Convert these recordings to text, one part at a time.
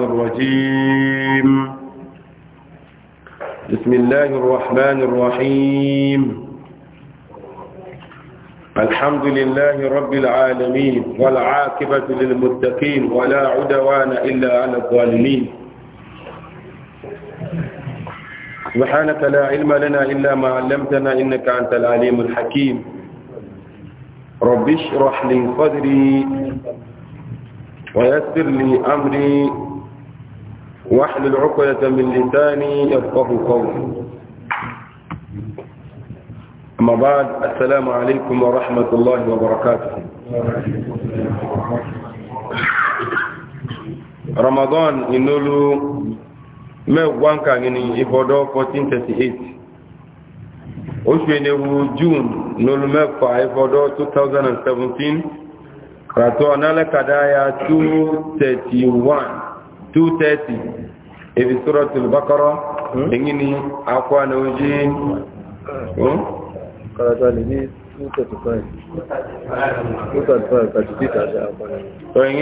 الرجيم بسم الله الرحمن الرحيم الحمد لله رب العالمين والعاقبة للمتقين ولا عدوان إلا على الظالمين سبحانك لا علم لنا إلا ما علمتنا إنك أنت العليم الحكيم رب اشرح لي صدري ويسر لي أمري واحلل العقلة من لساني يفقه قولي أما بعد السلام عليكم ورحمة الله وبركاته رمضان إنولو ميوان كان إبودو 1438 oṣù ẹnẹwu june nolu mẹ́fà ẹfọdọ́ 2017 kàtọ́ nálẹ́kàdá ya 231 230 ibi suratul bakara èyí hmm? ni akọ àlọ́jí èyí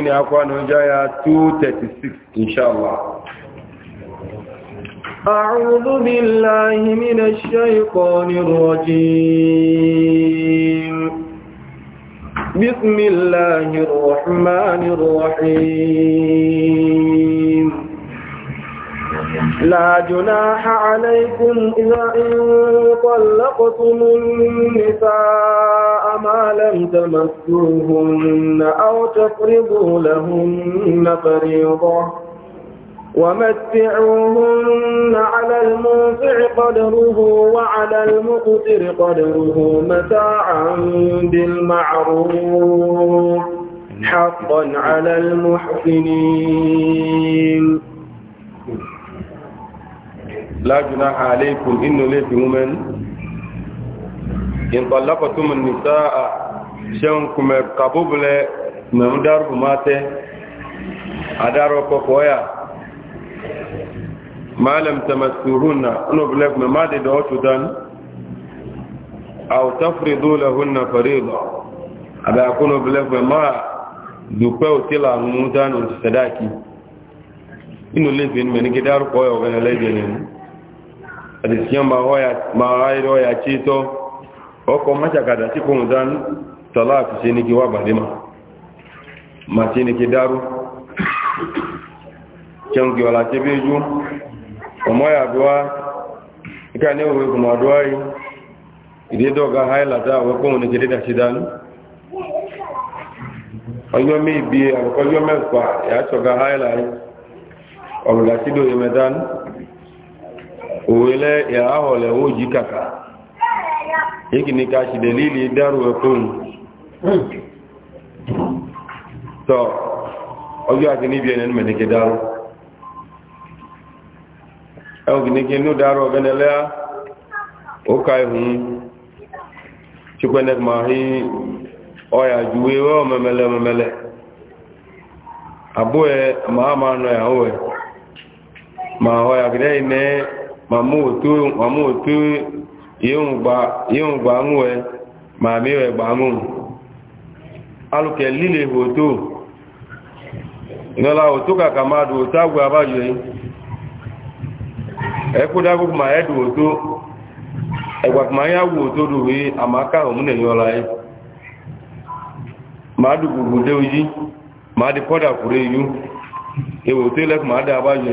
ni akọ àlọ́jí ya 236 inṣáàlá أعوذ بالله من الشيطان الرجيم بسم الله الرحمن الرحيم لا جناح عليكم إذا إن طلقتم النساء ما لم تمسوهن أو تفرضوا لهن فريضة ومتعوهن على الموسع قدره وعلى المقتر قدره متاعا بالمعروف حقا على المحسنين lájúná àlékún inú lè fi wúmẹ́ni ìpàlápàtúmù nìta à ṣeun kùmẹ̀ kàbúbulẹ̀ mẹ̀rún dárùkù máa tẹ́ àdárọ̀ kọkọ̀ ọ̀yà malam tamassuruna ono bulek me made do tudan aw tafridu lahunna farida aba kuno bulek me ma dupe otila mudan sadaki inu levin me ni gidaru koyo gele lejeni àdìsíyàn máa ráyẹ̀rọ ya tí tọ́ ọkọ̀ mọ́ṣàkàdà tí kò ń dán tọ́lá àti ṣe ní kí wà bàdé ma ma ṣe ní kí dárú ṣẹ́nkì ọ̀lá tí bí jú ọmọ yàdúwá níkà ní òwe kùnmọ̀ àdúwá yìí ìdídọ́gá háìlàtà àwọn kóhùn ní kí dédà ṣe dánú ọjọ́ mí ìbí àkọ́jọ́ mẹ́fà ìyàtọ̀gá háìlà yìí ọ̀rùlà tí lóye mẹ́dánú òwélẹ́ ya owó yìí kàkà yìí ni ká ṣìdẹ̀ lílì dárò ẹkùn tọ́ ọjọ́ àti níbi ẹ̀nà mẹ̀lẹ́kẹ́ dárò ẹ̀hùnkìníkì inú dárò ọ̀bẹ̀nẹ̀lẹ́á ó ká mama otu yewu gba ṅụwe ma miwe gba ṅụ alụke lile bụ otu nọla otu ka ka mmadụ otu agwụ abaghị ekwudagụ ma edu otu egwakma ya wụ otu ruwe amaka ahụ m na-enyola ya e. ma dụgburu de oyi ma adịpọda kwuru eyu ewe otu elek ma adị abaghị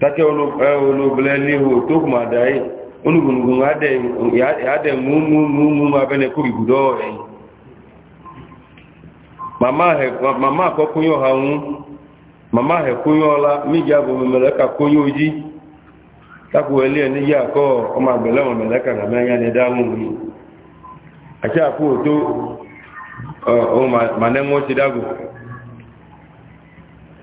take olobele eh, n'ihu toku ma dai onugunugun ya de mumumu ma bene kuri gudo e mama he mama ko kunyo haun mama he kunyo la mi ja bo mele ka kunyo ji taku ele ni ya ko mele na ya ne da mu ni to eh,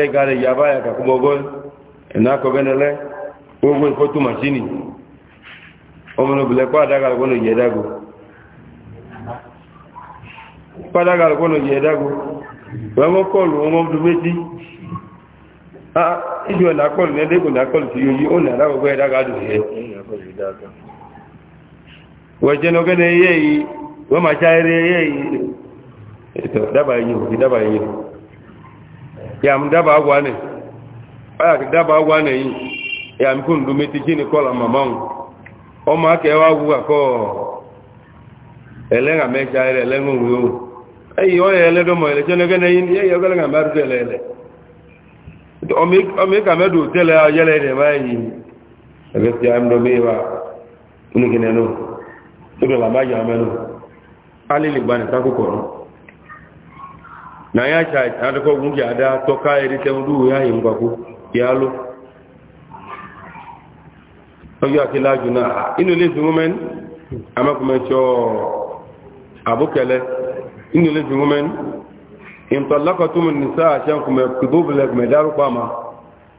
ẹgbàrẹ̀ ìyàbá ya kàkúgbọ́gọ́ ìnákọ̀gẹ́nẹlẹ́ owó o màṣínì ọmọlòbìlẹ̀ pàdágàlùkọ́nù yẹ̀ẹ́dágo wọ́n kọlù wọn ọdún méjì ìjọ ìnákọlù nẹ́dẹ́gùn ìnákọlù tí yóò yí ó nà láwọ́gbọ́ ẹ̀dágàdù yẹ wọ́n jẹ́ ya m daba agwa ne ya daba agwa ne yi ya m kun dumeti kini kola mama ọ o ma ka ewa agwụ ele nga mecha ere elenga o eyi ọ ya ele chenege na yi ya ya ogele ga ele ele ọmị ka medu tele ya yele ere ma yi ebe si ya gị ma ya alili na ya cha adako gungi ada toka erite ndu ya yimbaku yalo oyo akila juna inu le dungumen amaku mecho abukele inu le dungumen in talaqatum an-nisaa shankum yakdub lak madaru qama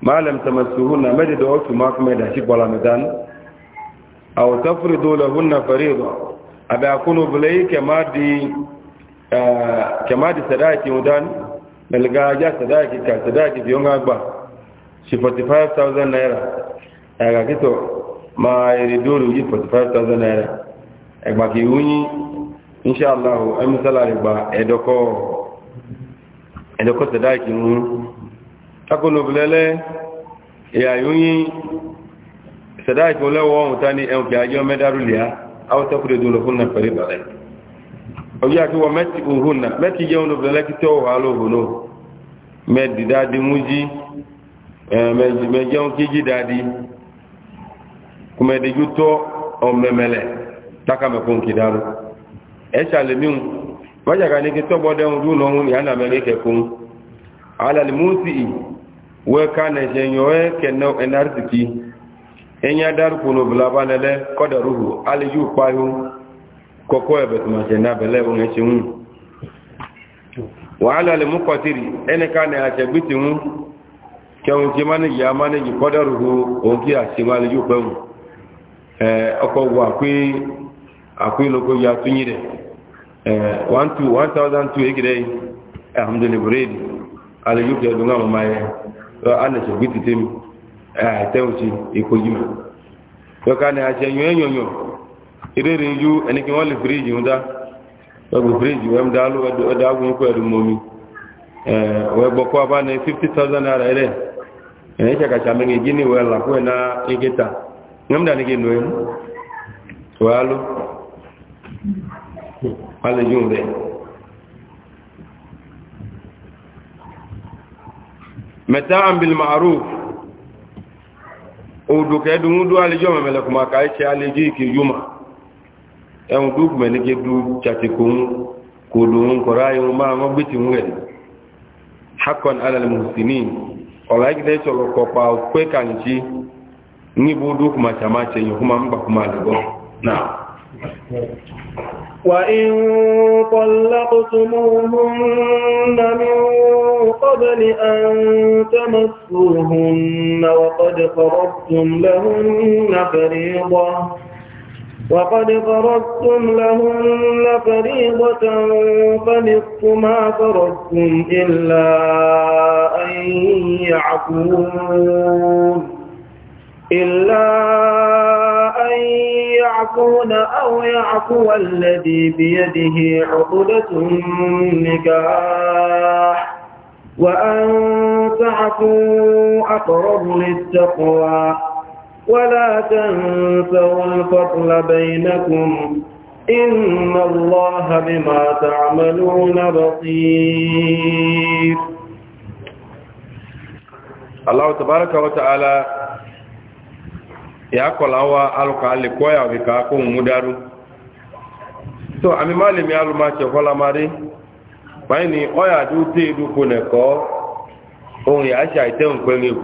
ma lam tamassuhunna madadu wa ma kuma da shi bala madan aw tafridu lahunna fariida aba bilayka madi Eh, kama da sadaki mudan dalga ja sadaki ka sadaki biyo nga gba shi 45000 naira aga kito ma iri dole yi 45000 naira egba ki wunyi insha Allah ai misala re gba edoko edoko sadaki mu akono bilele ya yunyi sadaki olewo on tani en ki ajo medarulia au takure dole kunna fariba ọjọ́ àti wọ́n mẹ́tì òhun náà mẹ́tì jẹun ló fẹ́lẹ́ kí tẹ́wọ̀ wà lóhùn náà mẹ́tì dáadé mú jí mẹ́jẹun kí jí dáadé kùmẹ́dẹ́jú tọ́ ọmẹmẹlẹ̀ tákàmẹ́kùn kì dáró ẹ̀ ṣàlẹ̀míhùn wájàká ní kí tọ́gbọ́ dẹ́hùn rú lọ́hùn ìyá náà mẹ́rin kẹkùn alàlìmúsì wẹ́ká nẹ̀ṣẹ̀ yọ ẹ́ kẹ̀nà ẹ̀nàrìsìkì ẹ̀yìn adárùkù nòbìlà kọ́kọ́ ẹ̀bẹ̀ tó máa ṣe ní abẹ̀lẹ̀ ohun ẹ̀ṣẹ̀ ń wàhálà lè mú kọtìrì ẹnìká ní àṣẹgbí ti ń kẹun tí mánéjì a mánéjì kọ́dọ̀rù ohun kí àṣìwá lè yóò pẹ̀wù ọkọ̀ wọ àpélókò ya rẹ̀ 1200 ekìrẹ́ alhamdulilayi ẹ̀dùn ti ìrèrè yú ẹni kí wọ́n lè fíríjì ń dá ẹgbù fíríjì wọ́n dá ló ẹ̀dá agbóyún pẹ̀lú mọ́mí ẹ̀wọ́ ẹgbọ́kọ́ abá ní 50,000 naira rẹ̀ ẹ̀yìn ṣàkàṣà mẹ́rin jí ní ìwọ̀ ẹ̀là fún ẹ̀nà ìgẹta ẹ̀mdà ní kí nù ẹ̀mú ma'aruf odò kẹ́dùn ún dúwà lè jọ́ mẹ́mẹ́lẹ̀kùnmá kàíṣẹ́ alẹ́jì ẹ̀hùn tó gbùmẹ̀ ní kí jàtìkò ń kò lòun kọ̀rọ̀ ayé wọn máa wọ́n gbé ti ń rẹ̀ hakon ọ̀rọ̀ ayíkẹ́dẹ́ sọ̀rọ̀ kọ̀pá òpé kàǹtí ní ibùdó kùmà sàmà ṣẹyìn kùmà ń وقد فرضتم لهن فريضة فنصف ما فرضتم إلا أن يعفون إلا أن يعفون أو يعفو الذي بيده عقدة النكاح وأن تعفوا أقرب للتقوى ولا تنسوا الفضل بينكم إن الله بما تعملون بصير Allah tabaraka wa ta'ala ya kolawa aluka alikoya wika kun mudaru so ami malimi aluma che kola mari bayni oya du te du kuneko o ya sha ite on kwen eku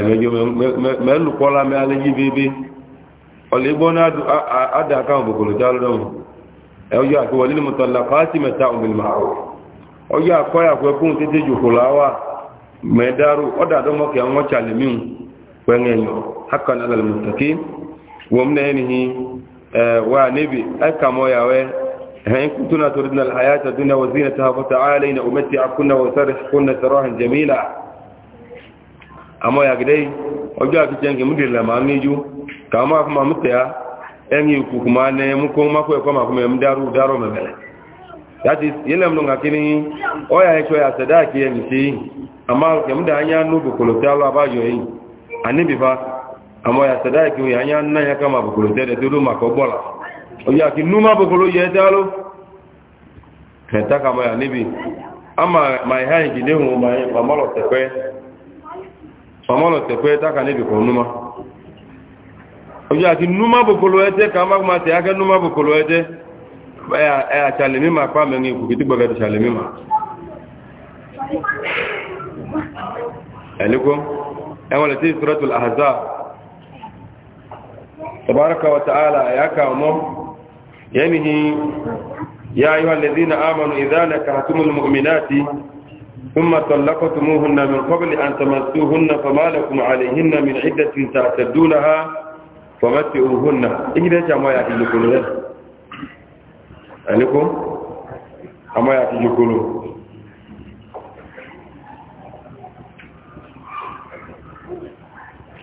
ẹ̀mẹ́jọ mẹ́lùkọ́lá mẹ́ alẹ́jì bébé ọlẹ́gbọ́n adàkà òbòkòlò já lọ́dọ̀mù ẹ̀ọ́jọ́ àkọwà nínú mọ̀tàlá pàásì mẹ́ta òmìnirò ọjọ́ àkọ́yàkọ́ ẹkùn tètè jòkòláwà mẹ́dáró ọdàdọ́mọ́kì àwọn chàlẹ́mìn pẹ́ẹ́yọ̀ hakanalẹ́mọ̀tàkì wọ́n mẹ́ni wà níbi ẹ̀kàmọ́yàwẹ́ فإن كنتن تردن الحياة الدنيا وزينتها فتعالين أمتعكن وسرحكن سراحا جميلا ya yàgídẹ́ ọjọ́ àkíkẹ́ nke mú dìrìlẹ̀ máa níjú kàwọn máa fún ma mú tẹ́á ẹni ìkùkù máa nẹ mú kó má kó ẹ̀kọ́ máa fún mẹ́m dárú dárọ̀ mẹ́mẹ́lẹ̀ yàtí yẹlẹ̀m lónga kí ni ya ẹ̀kọ́ àṣẹdá àkí ẹni sí àmọ́ kẹmú dà alụ nú bòkòlò tẹ́ alọ́ ya yìí àníbìfá àmọ́ àṣẹdá àkí òyà ma ma famọ́lọ̀ tẹ̀kọ́ ẹ́ta ka níbi kan númá ojú àti númá bòkòlò ẹ́tẹ́ ka má kúmá tẹ̀ ákẹ́ númá bòkòlò ẹ́tẹ́ ẹ̀yà ṣàlẹ̀ mímá pa mẹ́rin ìkùkù tí gbọ́gẹ́ ti ṣàlẹ̀ mímá ẹ̀lẹ́kọ́ ẹwọ́n lè tí ìsúrẹ́tù ثم طلقتموهن من قبل أن تمسوهن فما لكم عليهن من عدة تعتدونها فمتئوهن إذا كما يأتيكم له أنكم أما يأتيكم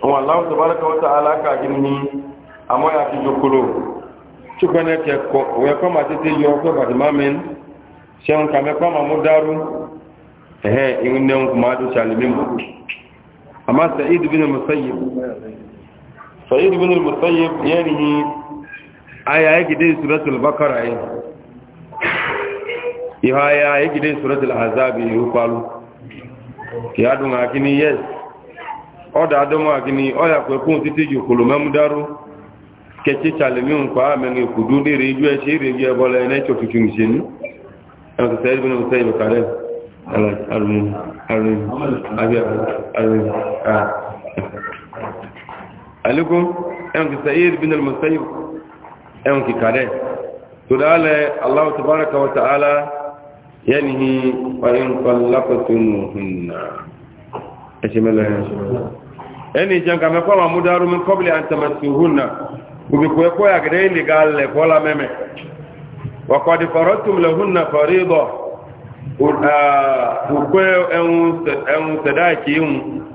wọn aláwọ̀ tàbárakà wata aláka gini àmọ́ ya fi jokolo ṣùgbọ́n ẹ̀kọ́ màá tètè yọ ọgbẹ́ bàtìmáàmì ṣẹun kàmẹ́kọ́ màmú dárú ehe in ne kuma da shalimin mu amma sa'id ibn al-musayyib sa'id ibn al-musayyib yani aya yake dai suratul baqara yi iha ya yake dai suratul ahzab yi kwalu ya dun akini yes oda adamu akini oya ko kun titi ju kulumem daru kechi shalimin ko amen kudu dire ju e shire ju e bole ne chofikin shin an sa'id ibn al-musayyib alùmí alùmí alùmí aliko ẹnkì sa'id bin al-musayib ẹnkì kàdẹ̀ tó dáálẹ̀ aláwọ̀ tabaraka wa ta'ala yanihi fa'in kwallakotun ẹ̀ṣẹ̀ mẹ́lẹ̀ ẹni ìjẹun kàmẹ́ kọ́ ma mú dárú mi kọ́bílẹ̀ àtàmàtì hùnà gbogbo ẹ̀kọ́ yàgẹ̀dẹ̀ ilẹ̀ ukwe ẹ̀hún sẹ̀dáàkì ìhun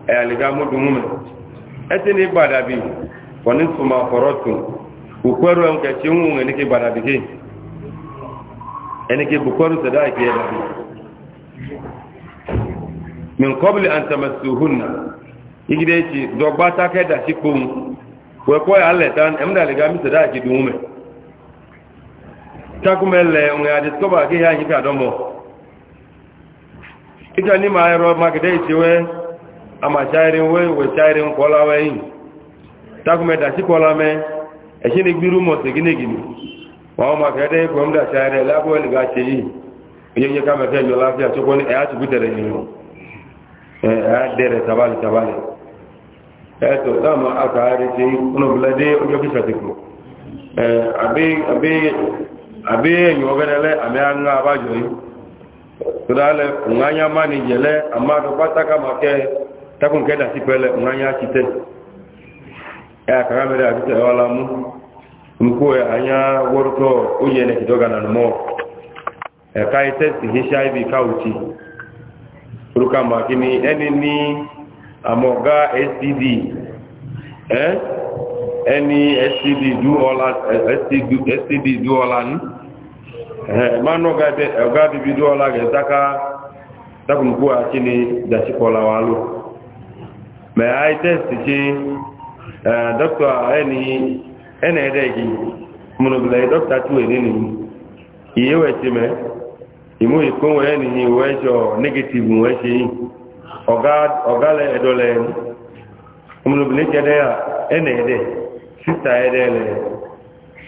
ẹ̀yàlìgá múdùmúmẹ̀ ẹtí ní gbàdàbí wọ́nní túnmà fọ́rọ́tún gbàdàbí kí ẹnikẹ́ bukwẹ́rù sẹ̀dáàkì ẹ̀dàbí min kọ́bìlì àǹtàmẹ̀sùhùnà igide ti dọ̀gbá tákẹ́dà sí kpóhun wẹ́kọ́ alẹ̀ tán ẹ̀mdàlìgá ya sẹ̀dáàkì dùnmẹ̀ kíjọ ní máa ẹ̀rọ magidẹ́ ìtiwẹ́ àmàṣáìrínwé ìwẹ̀ṣáìrín kọ́láwẹ́ yìí takùmẹ̀dà sí kọ́lámẹ́ ẹ̀ṣí ni gbírú mọ̀sí wọ́n ma kẹ́ẹ̀dẹ́ ìpọ̀mdà ṣáìrẹ̀ lábọ́ ẹ̀lìgá ṣe yìí oyeyẹ kámẹ́fẹ́ yọ láfíà tó kọ́ ní ẹ̀yà tó bútẹ̀rẹ̀ yìí ẹ̀yà dẹ̀rẹ̀ tabali tabali ẹ̀tọ́ táàmù àkàárí ti ọ̀nàbùlẹ́dẹ́ ọjọ́ kí yìí todale ŋanya mani jele amado pataka make takun keda sipele ŋanya kite ya kagamere abite walamu mkuwe anya worto ujene kidoga na numo e kai test hisha hivi kauti ruka makini eni ni amoga std eh eni std du ola std du ola ni manu ọga bibido ọla ga-etaka takwumkwughachi ni dachikpọla walụ ma anyị testi chi dọkta ena-ede gị mụnụbila dọkta chiwenini ihe wechi me imu ikpe eni nihi wee jọ negative nwee chi ọgala edole mụnụbila chede ya ena-ede sista edele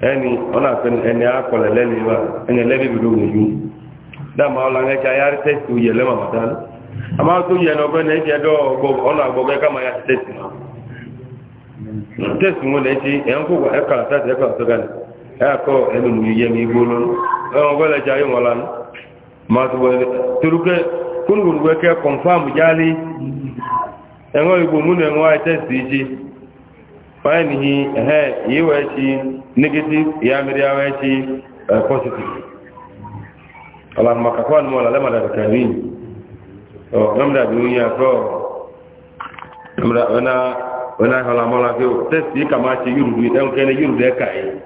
ẹni ọ̀nà àfẹn ẹni akọlẹ̀ lẹ́nu wa ẹni ẹlẹ́bí bìrì òun yìí dáàmú àwọn ọ̀làn ẹ̀kẹ́ ayárí tẹ́sì òye lẹ́mọ̀ mọ̀tá ní àmọ́ àwọn tó yẹ ẹni ọgbẹ́ náà ọ̀nà àgbọ̀gbẹ́ ká máa yá náà tẹ́sì finding he he was negative ya miri ya was positive Allahumma kafan mola lama da kanin oh gamda duniya ko gamda wana wana hala mola ko test yi kama ci yuru du en kene yuru de kai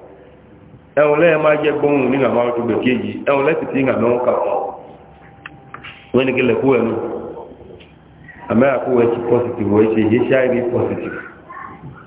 en le ma je bon ni nga ma to be keji en le ti nga non positive wa ci positive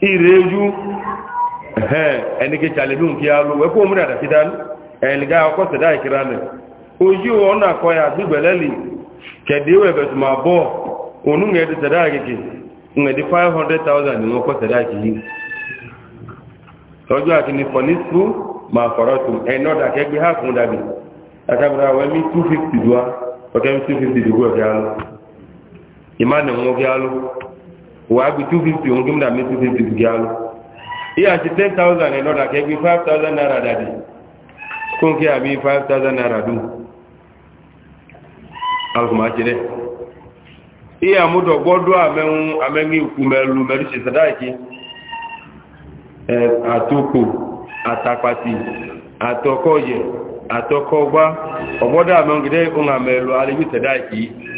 ireju ẹhẹn ẹnike tsalebihun kí a lu ẹkọ omúra àdàfi dání ẹnìgá ọkọ sẹdá ìkira na ojú ọ̀nà akọyà gbígbẹ̀lẹ́ lì kẹ̀dẹ́ wẹ̀ bẹ̀tù máa bọ̀ ònú ngẹ̀dì sẹdá àkèké ngẹ̀dì five hundred thousand ní ọkọ sẹdá àkèké tọ́jú àkíní fọ̀nísù máa fọ̀rọ̀ tù ẹ̀nà ọ̀dà kẹgbẹ́ two fifty mi two fifty wàá gbi two fifty òun gómìnà mi two fifty gíga lọ iye àti ten thousand ẹ̀ lọ́dà kẹ́gbẹ́ five thousand naira dàdí kóńkì àmì five thousand naira dùn alùpùpù àti dẹ́ iye àmúdọ̀ gbọ́dọ̀ àmẹ́hún àmẹ́hún ikú mẹ́lú mẹ́lú ṣe sàdáàkì ẹ̀ àtòkò àtàpàtì àtọkọ̀yẹ̀ àtọkọ̀gbá ọ̀gbọ́dọ̀ àmẹ́hún gẹ́gẹ́ ohun àmẹ́lú alẹ́yìn sàdáàkì yìí.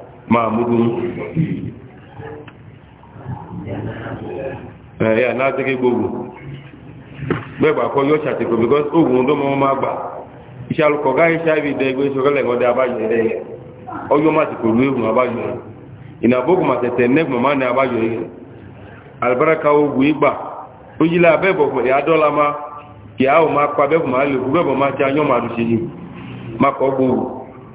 ma múdú ẹ̀yà náà tẹ́gẹ́ gbogbo gbẹ́gbà kọ́ yóò ṣàtẹ̀kọ̀ because ogun tó mọ́ máa gbà iṣẹ́ alùkọ̀ gáyé ṣáàbì dẹ́gbẹ́ ìṣọ́kẹ́lẹ̀ ọdẹ abájọ ẹ̀dẹ́ yẹ ọjọ́ máa ti kòlú egun abájọ rẹ̀ ya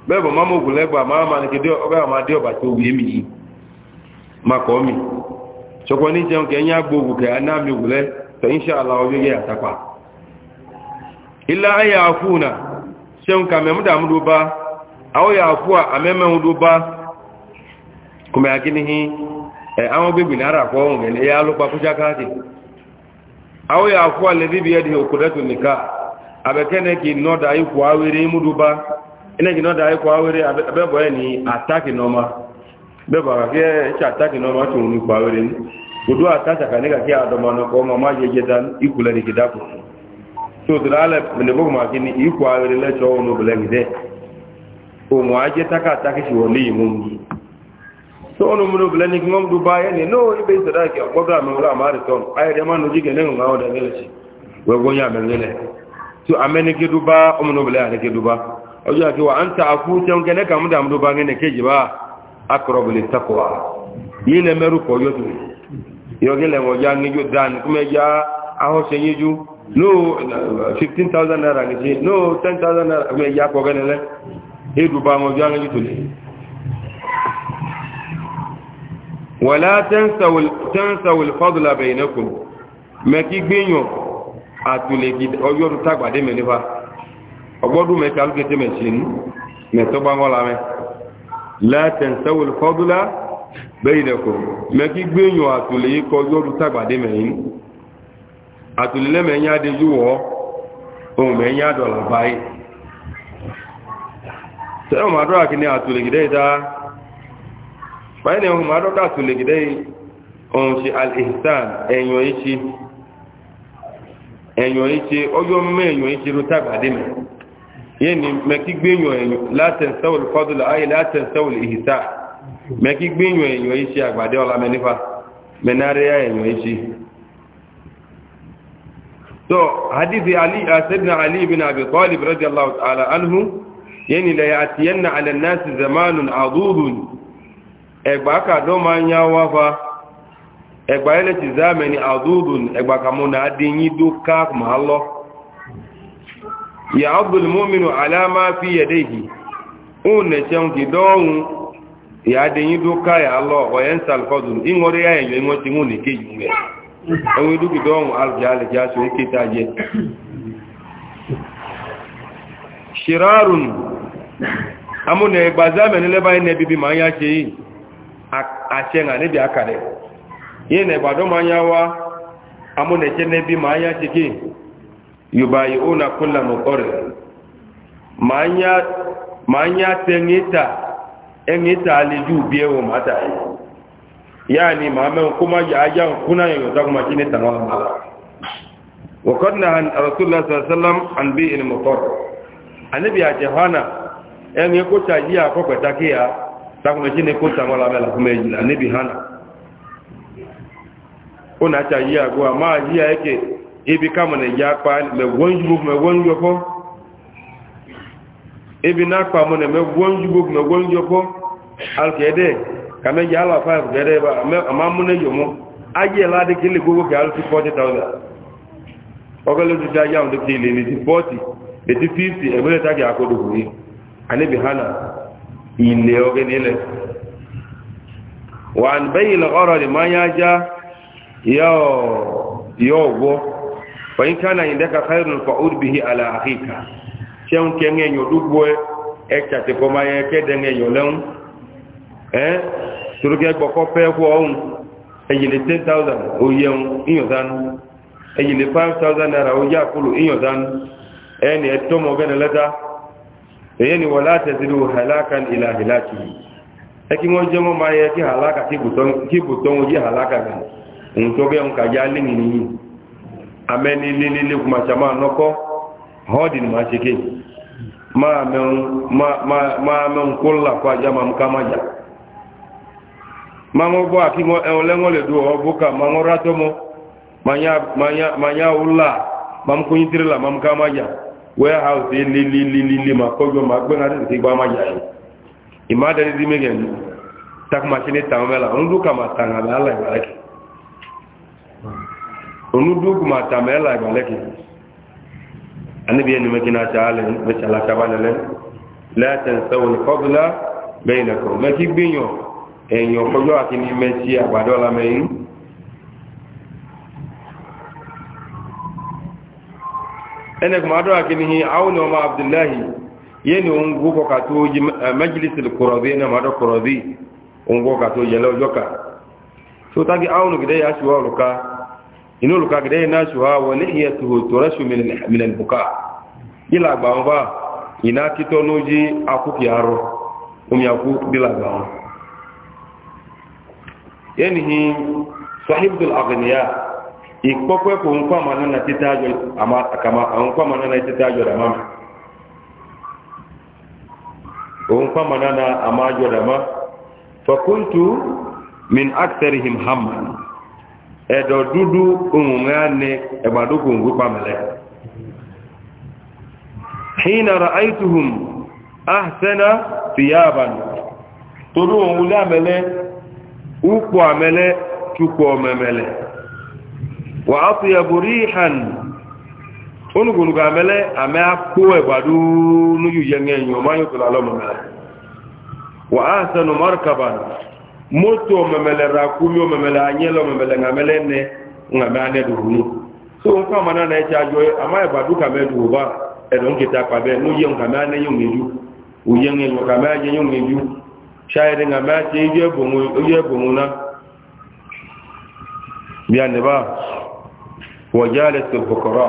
bẹ́ẹ̀bọ̀ máa mọ̀ ògùnlẹ́gbà máa ma ní kéde ọgá àwọn adé ọ̀bà tó wùyé mi yìí ma kọ́ mi ṣọpọ̀ ní jẹun kẹ́ ń yá gbogbo kẹ́ á náà mi ògùnlẹ́ tẹ̀yìn ṣe àlà ọjọ́ yẹ àtàpà ilá ayà àfúnà ṣeun bá bá kùmẹ̀ ẹ̀ àwọn náírà inegi na ọdara ịkwa awere abebọ ya ni ataki n'ọma bebọ akakị e, eche ataki n'ọma tụrụ n'ikwa awere ni udu atacha ka nịga kị adọma ọma ma je jeta ikwule ni kidapu sotụrụ ala mene bọgụ ma gị ni ikwa awere lecha ọwụ n'obele gide ụmụ aje taka ataki si wọle yi mụmụ so ọnụ mụrụ ni ya ni no ibe isada ke ọkpọdụ amewụrụ ama arịtọn ayịrị ma nụ jige n'enwe ahụ da nelechi wee gwonye so ọjọ́ àti wà ń ta àkú tẹun kẹ́lẹ́ kàmú dàmúdó bá gẹ́nẹ̀ kéjì bá akọrọ̀bìlẹ̀ takọ̀wà yìí lẹ mẹ́rù kọ̀ yóò tún ìyọ́gẹ́lẹ̀ wọ̀n já ní yóò dáa ní kúmẹ́ já ahọ́ṣẹ́ yíjú no 15,000 naira ní sí no 10,000 naira kúmẹ́ já kọ̀ gẹ́nẹ̀ lẹ́ èdù bá wọn já ní yóò tún wàlá tẹ́ǹsàwìl fọ́dùlà bẹ̀yìnẹ́kùn mẹ́kí gbìyàn àtùlẹ̀ ọgbọ́dún mẹ́ta alùgẹ́tẹ́ mẹ́sìn mẹ́tọ́gbáwọ́lámẹ́ látẹ̀nsáwòl fọ́dúlá bẹ́yìnẹ̀kọ̀ mẹ́kí gbéyàn àtòlè ikọ̀ yọ́rù tàgbàdé mẹ́yìn àtòlè lẹ́mẹ̀yìn adéjúwọ́ ohun mẹ́yìn àdọ̀là báyìí ohun màdọ́rà àtòlè gidẹ́ ohun ṣe alìsàn ẹ̀yàn yẹni mẹ́kí gbẹ̀yàn ẹ̀yàn látẹ̀sẹ́wò fọ́dúlà ayé látẹ̀sẹ́wò ìhìsá mẹ́kí gbẹ̀yàn ẹ̀yàn iṣẹ́ àgbàdé ọlá mẹ́nífà mẹ́nárẹ́ ẹ̀yàn iṣẹ́ so hadithi ali uh, asẹ́dìnà ali ibn abi talib radiyallahu ta'ala anhu yẹni lẹ̀ àti yẹnna alẹ́nàṣì zamanun àdúrùn ẹgbà kàdọ́ máa ń yá wá fa ẹgbà yẹlẹ̀ ti zámẹ́ni àdúrùn ẹgbà kàmúnà adéyìn dókà máa lọ́ọ́ ya abu muminu alama fi yadayhi un ne chen ki dohun ya de yin ya allah o yen in ya yen won ti ke dohun e ta je shirarun e ne bibi ma ya che yi a chen ane bi gbado ma ya wa amune chen ne ma ya che ke. yubayi'una kulla muqarrir manya manya tengita engita aliju biewo mata yani mame kuma ya aja kuna yota kuma chini tanwa mala wa qadna an rasulullah sallallahu alaihi wasallam an bi'il muqarrir anabi ajhana enge ko tajia ko kwetakia takuma chini ko tanwa la mala kuma anabi hana kuna tajia kwa maji yake ibi kama na ya kpa megwonjugbog megwonjokpo ibi na akpa mo na megwonjugbog megwonjokpo alkede ka me ya ala 5 gede ba na yomo aje la de kile gogo ka alu 40000 ogolo du ja ya ndo kile ni 40 de 50 e bele ta ga ko bi hana ile oge bayil ma ya ja yo yo فإن كان عندك خير فعود به على أخيك شيء كان يدوب ẹ̀kàtì kọmọ ayẹ kẹ́dẹ̀ẹ́ ẹ̀yọ̀ lẹ́hún ẹ́ ṣorúkẹ́ gbọ́kọ́ pẹ́ fún ọ̀hún ẹ̀yìnlẹ̀ 10,000 oyẹun ìyọ̀dánú ẹ̀yìnlẹ̀ 5,000 naira oyẹ àkúrò ìyọ̀dánú ẹni ẹ̀tọ́mọ̀ ọ̀gẹ́ni lẹ́ta èyẹ́ ni wọ́n látẹ̀sílú halakan ìlà hìlákì ẹ kí wọ́n jẹ́ mọ́ máa yẹ kí hàlákà kí bùtọ́ amẹni lélélé kuma jama nọkọ họọdì eh, ni màá ṣe kéyìí máa mẹ́un kó làkọ́ ajá máa mú ká máa jà máa ń bọ́ àkí ẹ̀wọ̀n lẹ́wọ̀n lè dùn ọ́ bókà máa ń rátọ́ mọ́ máa yá ó là máa ń kó yín tírélà máa mú ká máa jà warehouse lélélélé máa kọjọ máa gbé náà tètè gbá máa jà yìí ìmáàdẹ́ni dí mẹ́gẹ̀ẹ́ni takùmàṣẹ́ ní tàwọn mẹ́la ń dúkà máa tàn àbẹ́ àlàyé onudugu ma tama ɛla ibalɛki anabi yɛ nimɛ kina ta alɛ mɛ tsala taba lɛlɛ lɛtɛn sɛwɔ ni kɔbila bɛyi na kɔ mɛ k'i gbinyɔ ɛnyɔ kɔjɔ akini mɛ tsi agbadɔ la mɛ yi ɛnɛ kuma dɔ akini hi awo ni ɔma abdulahi yɛ ni ohun gbɔ ka to yi eh, mɛjilisi kɔrɔbi ɛnɛ ma dɔ kɔrɔbi ohun gbɔ ka to yɛlɛ ɔjɔ ka sotagi awo ni gidɛ yasuwa olu ka inú olùkà gẹ̀dẹ́ iná ṣùwá wọlé ìyẹ́ tòrẹ́ṣù mìlẹ̀lùkà ìlà àgbàwọn bá iná títọ́ ní ojí akúkì arọ omi akú dìlà àgbàwọn yẹ́nìí sahibdul agbẹ̀nìyà ìpọ́pẹ́ kò ń kọ́ àmà nánà títà àjọ̀dà máa òun kọ́ àmà nánà àmà fọkúntù min akṣẹ́rihim hamman ẹ̀dọ̀ dúdú ohun rẹ̀ ní ẹgbàdókò ń gbípa mẹ́lẹ̀. ṣínara aituhun ahsana fiyaban torí ohun ulé àmẹ́lẹ́ úpò àmẹ́lẹ́ túpọ̀ mẹ́mẹ́lẹ̀ wà á fi ẹ̀bùrí hàn onígbònúgbò àmẹ́lẹ́ àmẹ́ àpò ẹgbàdó núyù yẹn ẹ̀yìn ọmọ ayọ́kùnrin alọ́mọ̀mẹ́lẹ̀ wà á sẹ́nu mọ́rkaban moto memele rakumi memele anyelo memele ngamele ne ngame ane duhunu so nka mana na echa jo ama e badu ka medu ba e don kita pa be no yen ngame ane yen ngeju o yen e ngame ane ngame ate na biya ne ba wajalat al fuqara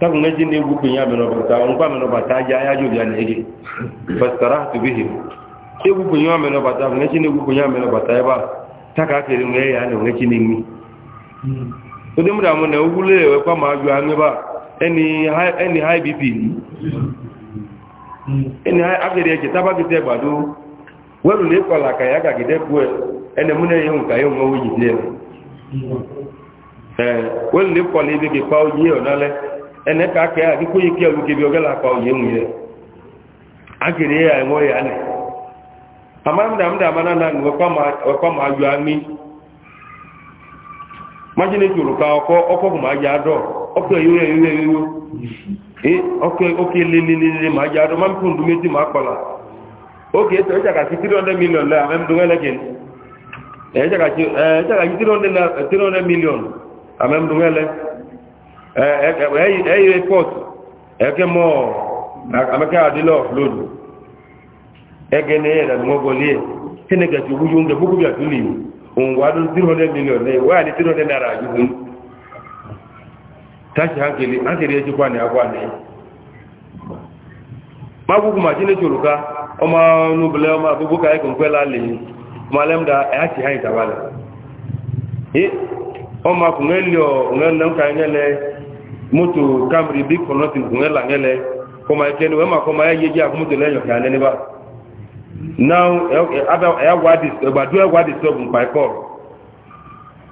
tak ngaji ne n'o meno bata on pa meno bata ja ya jo ge fastarahtu bihim egwukwenye omenọbata bụ nwechi na-egwukwenye omenọbata ebe a taka kere nwe ya na nwechi na-enwe hmm. na ogwule ewekwa ma ajụ anụ ebe a eni high bp eni hmm. akịrị eche tabagide gbado welu na ịkwala ka ya gagide kwuo ene mụ na-enye nka ya onwe hmm. oyi dị ee welu na ịkwala ebe gị kpa oyi ọnale ene ka aka ya gị kwenye ike ogela oyi enwe ya ya enwe ya na amamda mda mana na wekwa ma aju ami ma ji ka ọkọ ọkọ bụ ma a adọ ọkọ ewe ewe ewe ee ọkọ ma aja adọ ma mpụ ndụ meti ma oke eto echakachi 300 million na amemdu ngeleke echakachi 300 million amemdu e eke amaka ege na yɛrɛ ŋɔgɔli ye ne tí a tuli ŋwa do a eji ma buku ne tsoro ka ɔma nubilɛ ɔma gbogbo ka eke la le ɔma lɛm da ɛya si hàn taba la ye ɔma ka ŋa lɛ moto bi kɔnɔ ti kun ŋa eke ne wɛma kɔma ya yedzi a ko moto lɛ nyɔ ka ne ne now ẹwà ẹgbàdú ẹwà disturb mpa ẹkọ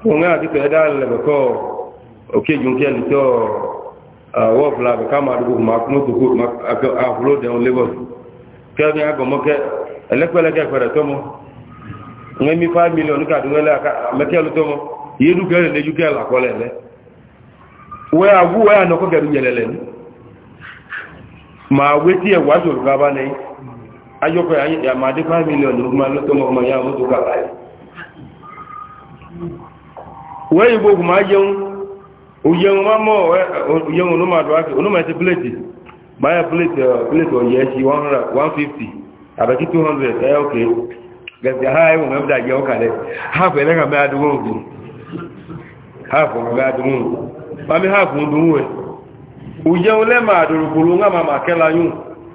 òun náà dìkọ̀ ẹ̀dá lẹ́bẹ̀kọ́ òkèjìnkẹ́ nìtọ́ wọ́ọ̀fù làbẹ̀ máa dúkù máa kún lagos kẹ́ẹ̀ni agọ̀mọ́kẹ́ ẹlẹ́pẹ̀lẹ́kẹ́ fẹ̀rẹ̀ tọ́mọ́ ní mi 5 million kàdúnwẹ́lẹ́ mẹ́kẹ́lú tọ́mọ́ ajọ́kọ̀ àmàdé 5 million lókùnmá lọ́tọ́mọ̀kùnmá yá wọ́n tó kàkà yìí wọ́n ìgbò kùnmá jẹun òjẹun má mọ́ òjẹun olómàdọ́wákì olómàtí pléètì báyà pléètì ọ̀yẹ́ sí 150 àbẹ̀kí 200 ẹ̀ ọ̀kẹ́ gẹ̀ẹ́sì àáyẹ̀wò mẹ́bdà jẹ́ ọkàlẹ̀ half ẹ̀lẹ́gà mẹ́ adúgbò ògùn half ọ̀gá adúgbò ògùn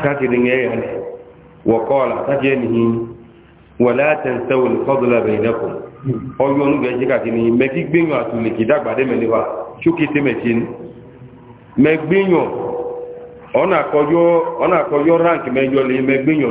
kakiri ŋɛ yan wa kɔɔla kakiri nihi wala tansawu fadula bainakum ɔyɔnu gɛ jika kini mɛ ki gbɛnyɔ atule ki dagba de mɛli wa tsoki tɛmɛ tsin mɛ gbɛnyɔ ɔna kɔyɔ ɔna kɔyɔ rank mɛ yɔli mɛ gbɛnyɔ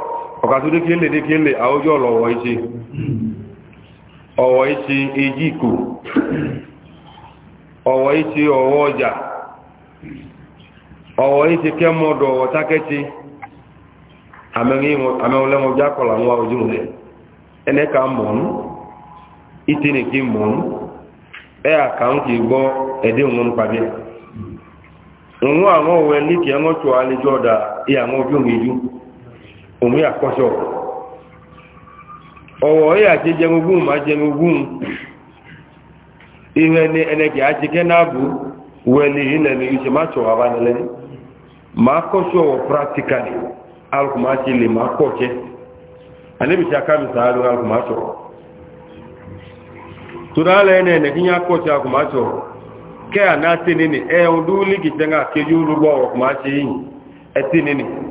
ọ̀kàtúndé kíélè dé kíélè àwójọ́ ọ̀lọ̀wọ̀ ìṣe ọ̀wọ̀ ìṣe èjì ìkò ọ̀wọ̀ ìṣe ọ̀wọ̀ ọjà ọ̀wọ̀ ìṣe kẹ́mọ́dọ̀ ọ̀wọ̀ tákẹ́tì àmẹ́wọlẹ́mọjá kọ̀lá wọn ojú rẹ̀ ẹnẹ́ka mọ̀nú ìtẹ́nìkì mọ̀nú ẹ àkàǹkì gbọ́ ẹ̀dẹ́ òun pàdé òun àwọn òwe ní kí ẹ̀wọ̀n tó àlejò ọ̀dà ìyàwó ojú mi òun yà kọ́ṣọ́ ọ̀wọ̀ ọ̀yẹ́ àti jẹun ogún máa jẹun ogún ihe ni ẹnẹkẹ̀ àti kẹ́nàbù wẹ̀lì ilẹ̀ ni ìṣe máa tọ̀wọ̀ abánilẹ́ máa kọ́ṣọ́ ọ̀wọ̀ practically alùpùmáṣe lè máa kọ́ jẹ́ àníbìṣẹ́ akámìsà àrùn alùpùmáṣọ̀ tó dáálẹ̀ ẹni ẹ̀nẹ̀kíyà kọ́ṣọ́ alùpùmáṣọ̀ kẹ́ àná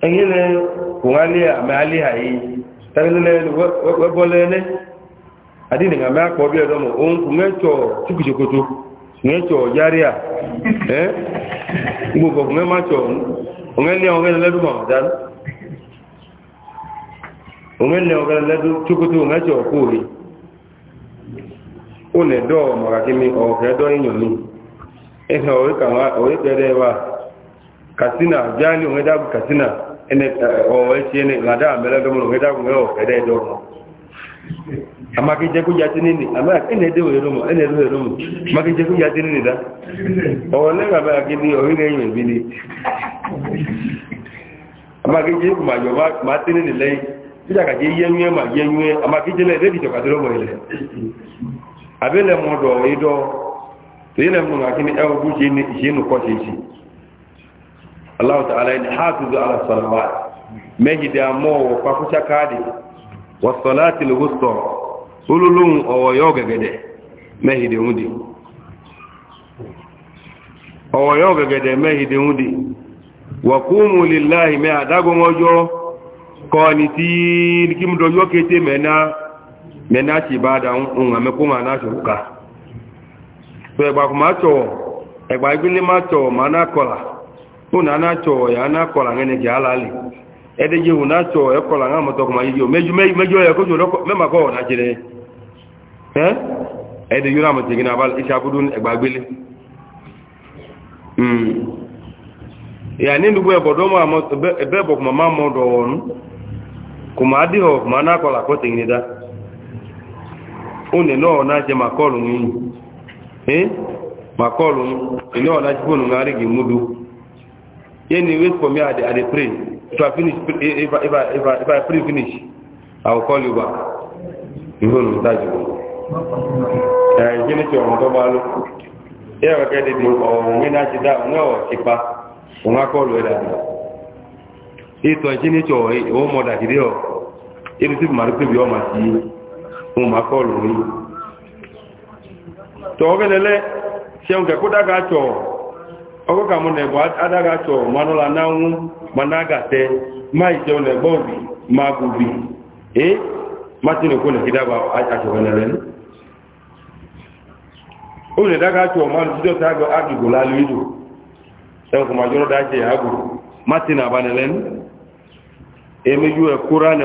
ẹ̀yìn lẹ kò wá lé àmì alé àyè tẹ́lẹ̀lẹ́ wẹ́bọ́lẹ́lẹ́ àdínì àmì àpọ̀ bí ẹ̀dọ́mọ̀ òun kò mẹ́tọ̀ tíkùsòkòtò mẹ́tọ̀ yáríà ẹ́ gbogbo kò mẹ́màtọ̀ òmẹ́lẹ́ ọ̀rẹ́lẹ́dù mọ̀ọ̀dán òmẹ́lẹ́ orí kẹrẹ wa jáàlì ene ọwọ́ ẹ̀ṣẹ́ ihe ìlàdá àmẹ́lẹ́dọ́mọ̀lù ẹ̀dàgùnmẹ́ ọ̀fẹ́dẹ́ ìdọ́rùn amákíjẹkújátí nínú ẹ̀nẹ́dẹ́wẹ̀ẹ́rọmọ̀ ẹ̀nẹ́dẹ́wẹ̀ẹ́rọmọ̀ amákíjẹkújátí nínú ìdá ọwọ́ ni amákíjẹkú màjọ máa tí nínú lẹ́yìn Allah ta'ala ya hafizu ala salawat meji da mo pa ku sakade wa salati al-wusta ululun o yo gegede meji de undi o yo gegede meji de undi wa qumu lillahi ma adago mojo qanitin kim do yo kete mena mena ti bada un ame kuma na shuka so e ba kuma to e ba ibi ma to mana kola hụna a na-achọ ya a na-akọla nga neke alali ede ji hụna achọ ya kọla nga mụta ọkụma yiyo mejuo ya kojo mema kọ na jere ede yoro amụta gị n'abalị isi abụrụ egbagbili hmm. ya ni ndugbo ebodo ma mo ebe bo kuma ma mo do won kuma di ho kuma na ko la ko tin da une no na je ma kolu ni eh ma kolu ni no na jibunu ngari gi mudu Any wait for me at the, pray. If I finish, if I, if I, if I, if I pray finish, I will call you back. You will not eh, you. Ẹ̀yìn kí ni tí ọ̀run tó bá ló? Ẹ ọ̀kẹ́ dìbò ọ̀run ní láti dá ọ̀run náà ti pa, òun á kọ́ lù ẹ̀ dàbí. Ètò ẹ̀jẹ̀ ní tí ọ̀run ó mọ̀ dàgídé ọ̀, ètò tí màrí pèbí ọmọ sí òun máa kọ́ lù rí. Tọ̀ọ́kẹ́ lẹ́lẹ́ ṣeun kẹ̀kọ́ dága tọ̀ ọkọ ka mụ na-egbo adaghị achọ ma nụla na anwụ ma na agate ma ite ọ na-egbo obi ma agụbi ee ma tinekwu na gidaba achọbanere ụlọ ịdaghị achọ ma nụ jidọta agụgụ lalụ ilu ẹnkụ ma jọrọ daje agụ ma tina abanere emeju ekwura na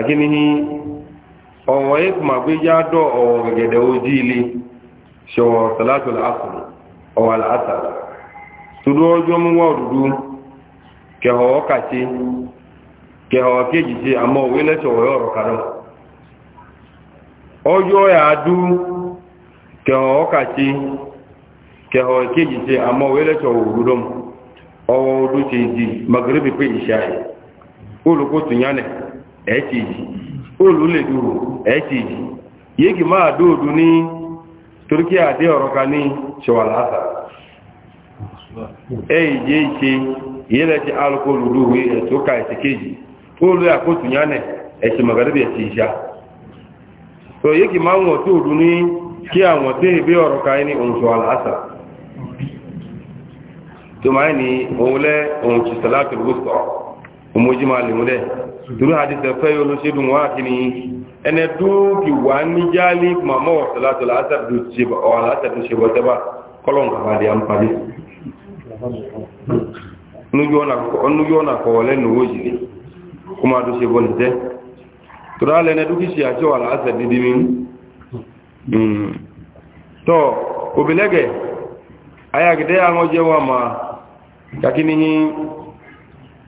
akinihi ọ̀wọ̀ yẹ́ kuma gbe ya dọ ọ̀wọ̀ gẹ̀gẹ̀dẹ̀ ojú ilé ṣọwọ́ salatu al'asr ọwọ́ al'asr tudu ọjọ́ mú wá òdúdú kẹhọ̀ ọkàtí kẹhọ̀ kéjì sí àmọ́ òwe lẹ́ṣọ̀wọ́ ọ̀rọ̀ kanọ́ ọjọ́ òwe ọwọ di magrebi olùkó ẹ̀ẹ́kejì òòlù lè dúró ẹ̀ẹ́kejì yéèkì máa dóòdù ní turkey àdé ọ̀rọ̀ kan ní ṣọwàláta ẹ̀ẹ́yẹ ìṣe ìyẹ́lẹ̀ ti alukóòlù lóòwé ẹ̀tọ́ e ka ẹ̀sẹ̀ kejì àkótù yánẹ̀ ẹ̀sẹ̀ mọ̀gàdébì ẹ̀sẹ̀ ìṣá so yéèkì máa wọ̀n tóòdù ní kí àwọn tí ìbí ọ̀rọ̀ kan ní òun ṣọwàláta tó turu hadisa fẹ́ yóò ló ṣe dùn wá kí ni ẹni dúkì wà ní jáàlì màmá ọ̀sọ̀látọ̀ látàdù ṣe bọ́ tẹ́bà kọlọ̀n kàbà dì àǹfààní núyọ́ na kọ̀ lẹ́nu owó jìlẹ̀ kó máa dùn ṣe bọ́ nìtẹ́ turu alẹ́ ẹni dúkì ṣe àjọ àlàáṣẹ́ dídí mi hmm. tọ́ obìnẹ́gẹ̀ ayagidẹ́ àwọn jẹ́wọ́ àmà kàkí ni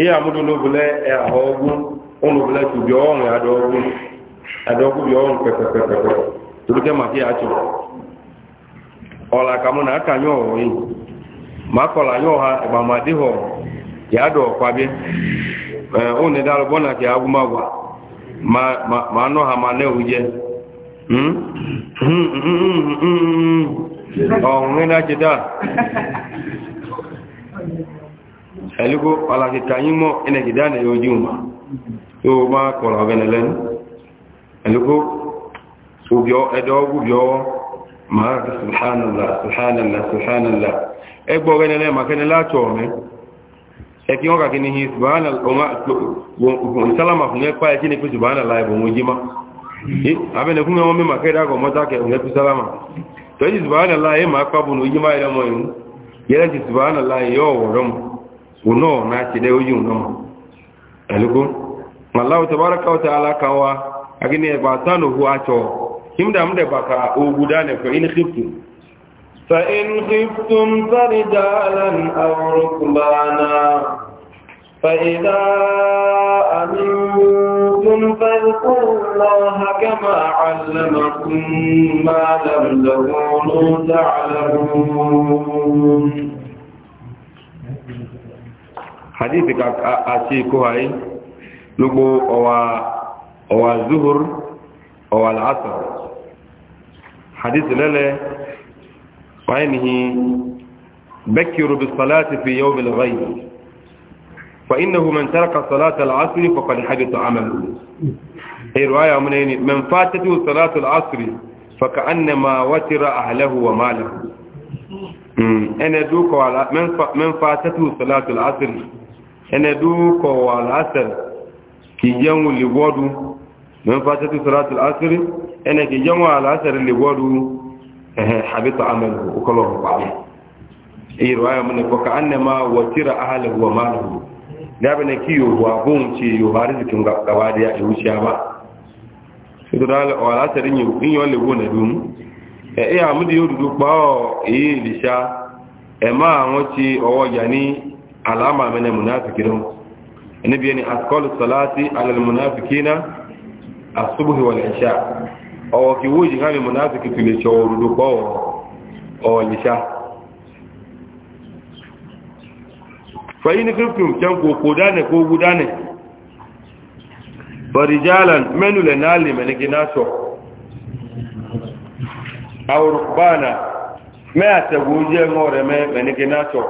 ihe amụdụ n'obule e ahụ ọgwụ ụlọbule tubi ọnwụ adọgwụ adọgwụ bi ọnwụ pẹpẹpẹpẹ toruke maka ya achọ ọla ka mụ na aka nye ọhụrụ yi ma akọla nye ọha ịgbamadịghọ ya adọ ọkwabịa ụnụ dalụ bọ na ka ya ma anọ ha ma na-ewuje hmm? hmm, hmm, ọhụrụ na-achịta ẹlúgbó alàkìkà yí mọ́ ẹnẹ̀kì dáadà yóò jí ọmọ tó bá kọ̀rọ̀ ọ̀gẹ́nẹ̀ lẹ́nu ẹlúgbó ẹ̀dọ́ ọgbùgbọ́ máa kí sùhánàlá sùhánàlá sùhánàlá ẹgbọ́ ọgẹ́nẹ̀ lẹ́nu makẹ́ni látọ̀ ọ̀mẹ́ ẹkí wọ́n kàkí ní sálàmà fún ẹpá ẹkí ní pé sùhánàlá ẹ̀bùn wọn jí má abẹ́nẹ̀ fún ẹwọ́n mímọ̀ kẹ́dà kọ̀ mọ́tàkẹ̀ ẹ̀kú sálàmà tọ́jú sùhánàlá ẹ̀ máa pàbùn ojú má ẹ̀rọ ìrún yẹ́rẹ́ ti sùhánàlá ẹ̀ yọ́ ọ̀wọ̀rọ̀ uno na ci da uyu no alugo wallahu tabaaraka wa ta'ala kawa agine ba tanu hu acho himda mde baka o gudane ko in khiftu fa in khiftum farijalan aw rukbana fa idha amintum fadhkuru allaha kama 'allamakum hadithi ka achi ko hai lugo owa owa zuhur owa al-asr hadithi lele fainihi bakiru bis salati fi yawm al-ghayb فإنه من ترك صلاة العصر فقد حبط عمله أي رواية من يعني من فاتته صلاة العصر فكأنما وتر أهله وماله أنا دوك من فاتته صلاة العصر enedu ko al-asr ki jamu li wodu min fatati salat asr ene ki jamu al-asr li wodu eh habita amalu ukolo ba e riwaya mun ko ka annama ahlihi wa maluhu da bane kiyo wa bun ci yo gaba da ya wuce ba sidral al-asr ni in yo le wona dum e di yo du e, e lisha e ma won ci owo ni alama mene munafikirin ni biye ni askol salati alal munafikina asubuhi wal isha owo ki wuji ha mi munafiki tule choru du ko o lisha fa in kuntum kan ko kodane ko gudane farijalan menu le nali mene kinacho aw rubana ma taguje ngore me mene kinacho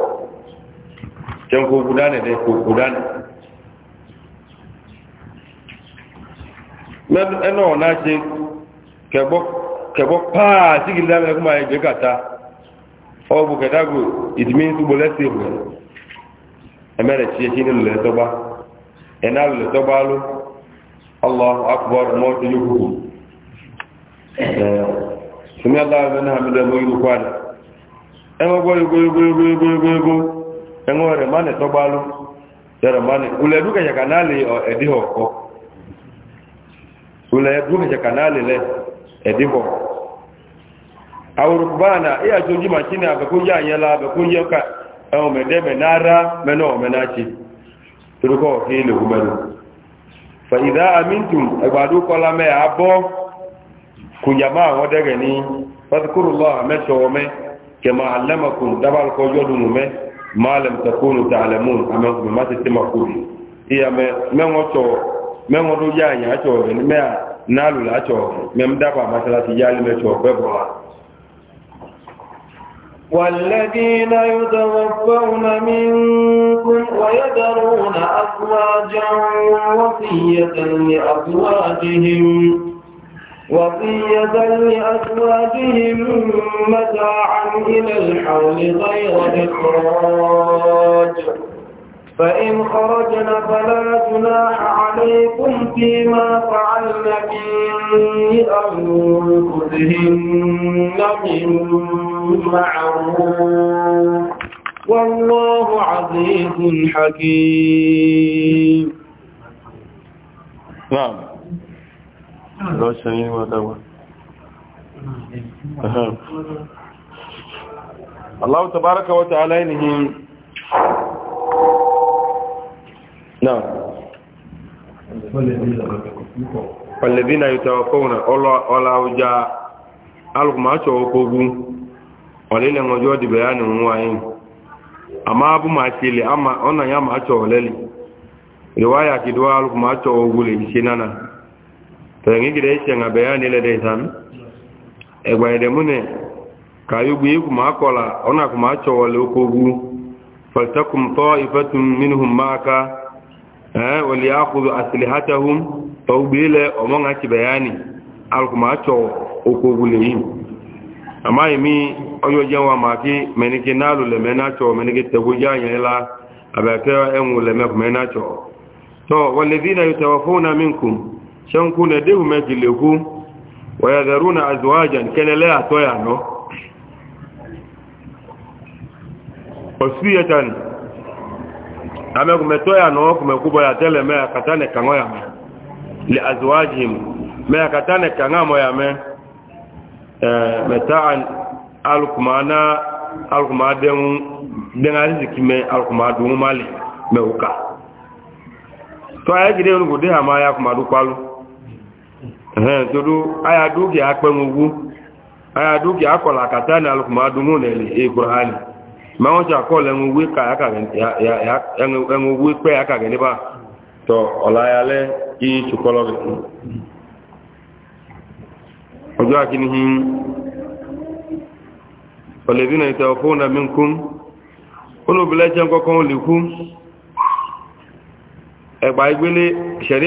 can ko guda ne dai ko guda ne ẹnà ọ̀nà ṣe kẹgbọ́ paa sí gìlẹ̀ kuma ẹkùnmà ẹgbẹ́ kàtà ọgbù kẹtàgù ìdìmí túbọ̀ lẹ́sẹ̀ ìwẹ̀ emere tí ẹṣin ní lulẹ̀ tọ́gbá ena lulẹ̀ tọ́gbá ló allah akbar mọ́ ilé kúrò ṣùgbọ́n allah ẹ̀mẹ́ náà mi lẹ́mọ́ ìlú ẹ̀wọ̀n rẹ̀ máa nẹ̀ tọ́gbálú tẹ́rẹ̀ máa nẹ̀ ulẹ̀ dúkẹ̀yẹ̀ kanáàlì ẹ̀dí ọ̀kọ́ ulẹ̀ dúkẹ̀yẹ̀ kanáàlì lẹ ẹ̀dí bọ̀ àwòrùkùbáàna ìyà tó jí màá kíni àbẹ̀kóyà àyẹ́lá àbẹ̀kóyà ọkà ẹ̀wọ̀n mẹ̀dẹ́mẹ̀ náírà mẹ́nà ọ̀mẹ́náàkì torúkọ̀ kí ilẹ̀ òkúmẹ́nu fẹ̀yìdá amíntum ẹgbàdú kọlá mẹ́ àbọ́ kùnyàmá dábàlùkọ́ yọ́dúnmù mẹ́ ma lam takunu ta'lamun ama ko ma te ma ku iya me me ngoto me ngodo ya nya cho ni me na lu la cho me mda ba ma sala ti ya li me cho والذين يتوفون منكم ويذرون أزواجا وصية لأزواجهم وصية لأزواجهم متاعا إلى الحول غير إخراج فإن خرجن فلا جناح عليكم فيما فعلن في أنفسهن من معروف والله عزيز حكيم نعم lọ́ṣẹ́ yìí wọ́n dáwà Allah tabaraka wa ta'ala yìí náà والذين يتوفون ولا وجا alùkùnmá ṣọ̀wọ́ kogun ọ̀lẹ́lẹ̀ ọjọ́ ìdìbẹ̀ yà ní wọ́n ayé àmá bú ma ṣe lè ọ̀nà yà máa ṣọ̀wọ́ lẹ́lẹ̀ ìwáyà kìdíwá alùkùnmá ṣọ̀wọ́ lè ṣe náà tẹ̀yìngì rẹ̀ ṣe àgbẹ̀ yá nílẹ̀ dẹ̀ ìsàmì ẹgbà ìdẹ̀múnẹ̀ kàyógbé ikú máa kọ́la ọ̀nà kò máa tsọ̀wọ̀lẹ̀ okògù fàlítẹ́kùn tọ́ ìfẹ́tùn mínúhùn máa ká ẹ̀ wọlé àkùdù àtìlẹ̀ hátẹ́hùn tọ́gbé lẹ̀ ọmọ ńà ti bẹ̀yání náà tsọ̀ mẹ́nike tẹ̀gbójá náà tsọ̀ tọ́ shanku na dehu mejileku wa yadharuna azwajan kenele atoya no osiyatan ame kumetoya no kumekuba ya tele me akatane kango ya me li azwajihim me akatane kangamo ya me eh metaan alkumana alkumaden denga zikime alkumadu mali meuka to ayajide ngude ama todo aya duki akpenwu ugwu aya duki akọla akata na alụkụmadumu nele ekwuru anyị ma nwọcha akọla enwugwe ka enwugwe kpe ya akaghị a tọ ọlayalẹ iyi chukọlọ gị ọjọ́ akínihì na ìtẹ̀ na ẹgbà igbélé ṣẹ̀rí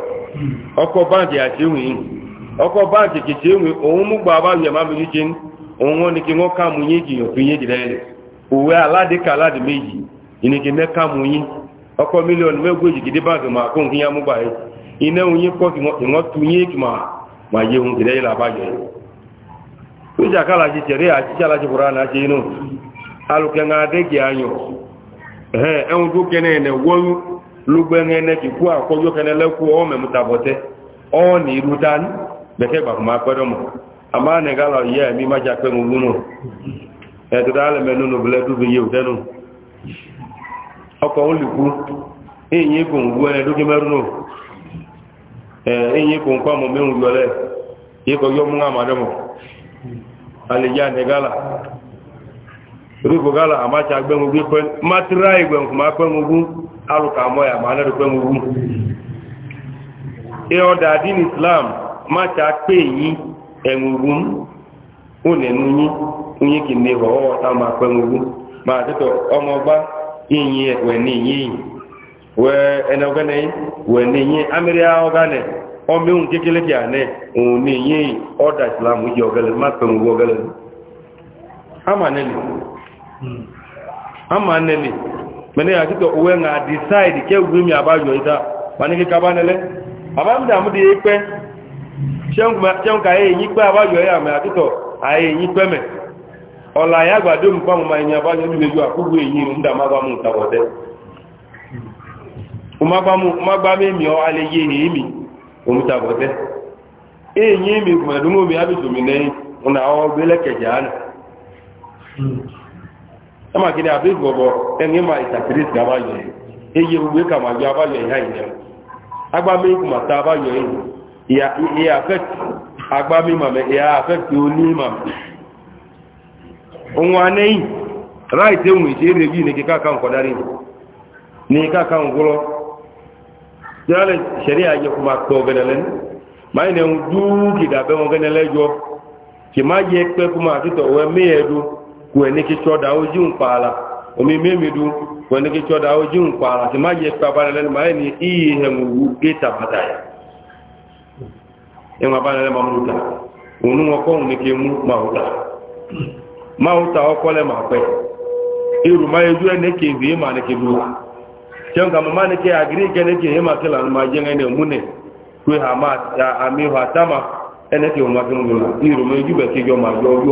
ọkọ̀ báńkì àti ìwìn yìí ọkọ̀ báńkì kìtì ìwìn òun mú gbà bá yẹ̀má mi yíjẹ òun wọn ni kí wọ́n ká mu yín jìyàn fi yín jìrẹ́ òwe aládìka aládì méjì ìnìkì mẹ́ká mu yín ọkọ̀ mílíọ̀nù mẹ́gbèjì gidi báńkì máa kó nǹkan mú gbà yìí iná oyin kọ́ lugbenŋe ne kikwu akwụkwọ yokene lekwu ome mụtabote ọ na irutani bekee gbakwuma akpere mụ ama na gala ye emi maja kpe mu bunu ẹtọta alẹmẹnu nu bilẹ dubi yi ọkọ olùkú rígbò gálà àmáṣà agbẹ́mugú mátíra ìgbẹ̀mùkù máa pẹ́mugú alùkà mọ́yà máa lẹ́rù pẹ́mugú ị ọda islam máṣà pé yí ẹ̀mùgú m nẹ̀nu yí oyin kì ní ọwọ́ ọ̀tá máa ma máa tẹ́tọ̀ ọmọ ọba enye amịrị islam ama Hmm. ama nene mene ya kito uwe nga decide ke gumi abajo ita paniki kabanele abamda mudi ipe chengu chengu ka e yipe abajo ya me akito aye yipe me ola ya gbadu mpa mu mai ni abajo ni meju akugu eyi nda ma ba mu ta ode uma ba mu ma gba me mi o ale ye ni mi o mu ta ode eyi mi gbadu mu mi abi to mi nei una o gbele keje ana hmm. ama gini abe gbogbo ẹni ma ìtàkìrí sí abáyọ̀ yìí eye gbogbo ẹka ma yọ abáyọ̀ ìhá ìyẹn agbámi ma ta abáyọ̀ yìí ìyá afẹ́tì agbámi ma mẹ ìyá afẹ́tì oní ma mẹ ohun anẹ́yìn ráìtì ohun ìṣe rẹ̀ bí ní kíkà na kọ̀dárí ní kíkà kan gbọ́lọ́ jẹ́rẹ́lẹ̀ ṣẹ̀rí Ma kò máa tọ́ gẹ́nẹ́lẹ́ máa yìí nẹ́hun kweneke chọda oji mkpala omeme medu kweneke chọda oji mkpala ti ma ye kpabalele ma ye ni iyi ihe ngwu eta bata ya enwa balele ma muta unu ngoko unike mu ma uta ma uta iru ma ma ke neke ma ma jenga ne mune kwe ha ma ami ha tama eneke umwa kemu iru ma eju be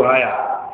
ọ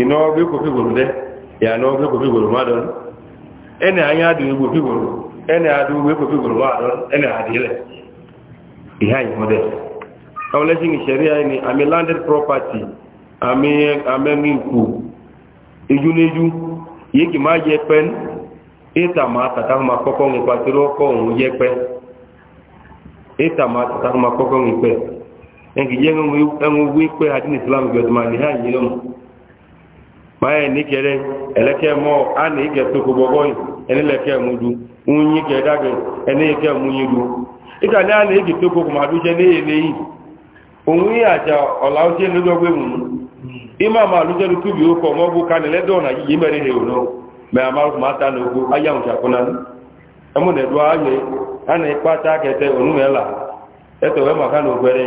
iná ọgbẹ́ kò fi gbòrò dẹ́ ìyànà ọgbẹ́ kò fi gbòrò má dọ́nù ẹnì ayé adùn igbó fi gbòrò ẹnì adùn igbó kò fi gbòrò má dọ́nù ẹnì àdìlẹ̀ ìhà ìmọ̀ ìṣẹ̀rí ayé àmì landed property àmì àmẹ́mí yìí kì pẹ́ ìta máa tàtà kọ́kọ́ ń pa òun pẹ́ ìta máa tàtà kọ́kọ́ ń pẹ́ ẹnkì jẹ́ maye ni kere eleke mo ani ke to ko bobo eni leke mu du unyi ke dage eni ke mu yi du ita ni ani ke to ko ma du je ni ele yi ohun ya ja ola o je ni do gbe mu ima ma lu je du ku bi o ko mo bu ka ni le do na yi mere he o no me ama ma ta no ku aya un ja ko na emu ne do aye ani pata ke te onu me la eto we ma ka no gbere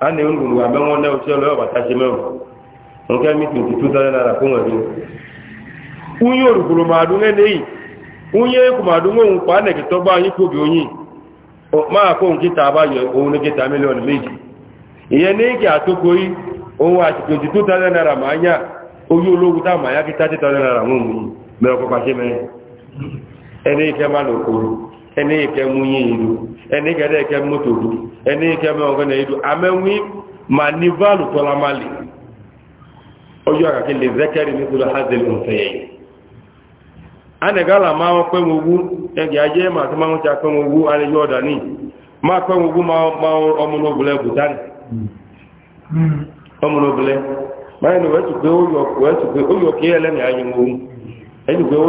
ani onu nu ga me won ne me nke mi twenty two thousand naira fún wọn ni unyi olùkùrù máa dún ẹni yìí unyi ekù máa dún ohun pa nẹ̀kì tọ́gbà onye kóbi oyin máa kó nkíta abáyọ ohun nke kíta mílíọ̀nù meji ihe ní ìkì àtókò ohun àti twenty two thousand naira ma anya oyi olówó tá ya yá kí thirty thousand naira ẹni ẹni ẹni ẹni ọjọ́ àkàkí lè zẹ́kẹ́rì nítorí hazel òfẹ́yẹ̀ anẹ̀gálà máa wọ́n pẹ́wọ̀n owó ẹgbẹ̀ ya máa tó máa ń ta pẹ́wọ̀n owó alẹ́yọ́ ọ̀dà ní máa ya owó máa ya bùtánì ọmọlóbulẹ̀ máa ní wẹ́tù ya ó yọ kí ẹlẹ́mì ayẹwò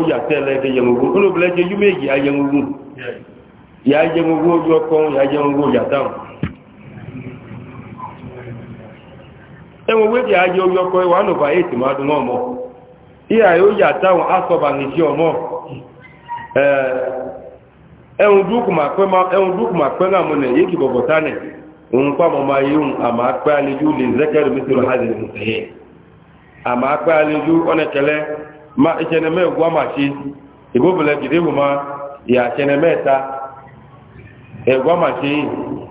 ya ẹwọn wéjì ayé omi ọkọ̀ ẹwà nùbà ètì máa dùn ọmọ ìyà yóò yà táwọn asọ̀bà nìjí ọmọ ẹ̀hùn dúkùmà pẹ́ náà mọ̀ nẹ̀ yéèkì bọ̀bọ̀ tánẹ̀ òun pàmọ́ máa yíhun àmà pẹ́ lè àmà pẹ́ ma ìṣẹ̀nẹ̀mẹ́ ògùn àmàṣe ìbóbìnrin gidéwò ma ìyà ìṣẹ̀nẹ̀mẹ́ ta ẹ̀gùn àmàṣe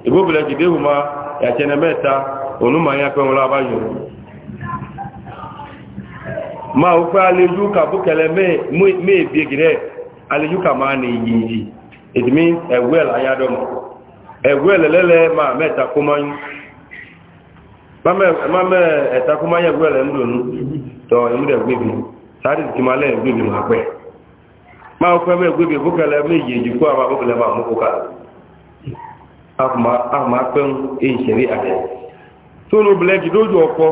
ìbóbìnrin ma ìyà onuma ya pẹ́ lábá yòó máa ó pẹ́ alẹ́jú ka méèbí gírẹ́ alẹ́jú máa ní yìnyí it means ẹ̀wẹ́ láyádọ́mọ̀ ẹ̀wẹ́ lẹ́lẹ́lẹ́ mẹ́ta kó máa ń ó pẹ́ mẹ́ gbébì bókẹlẹ kó àbá bókẹlẹ máa mú kó ká àfùmá pẹ́ ń ṣẹ̀rí àdẹ́sì tónú blẹki lójú ọkọ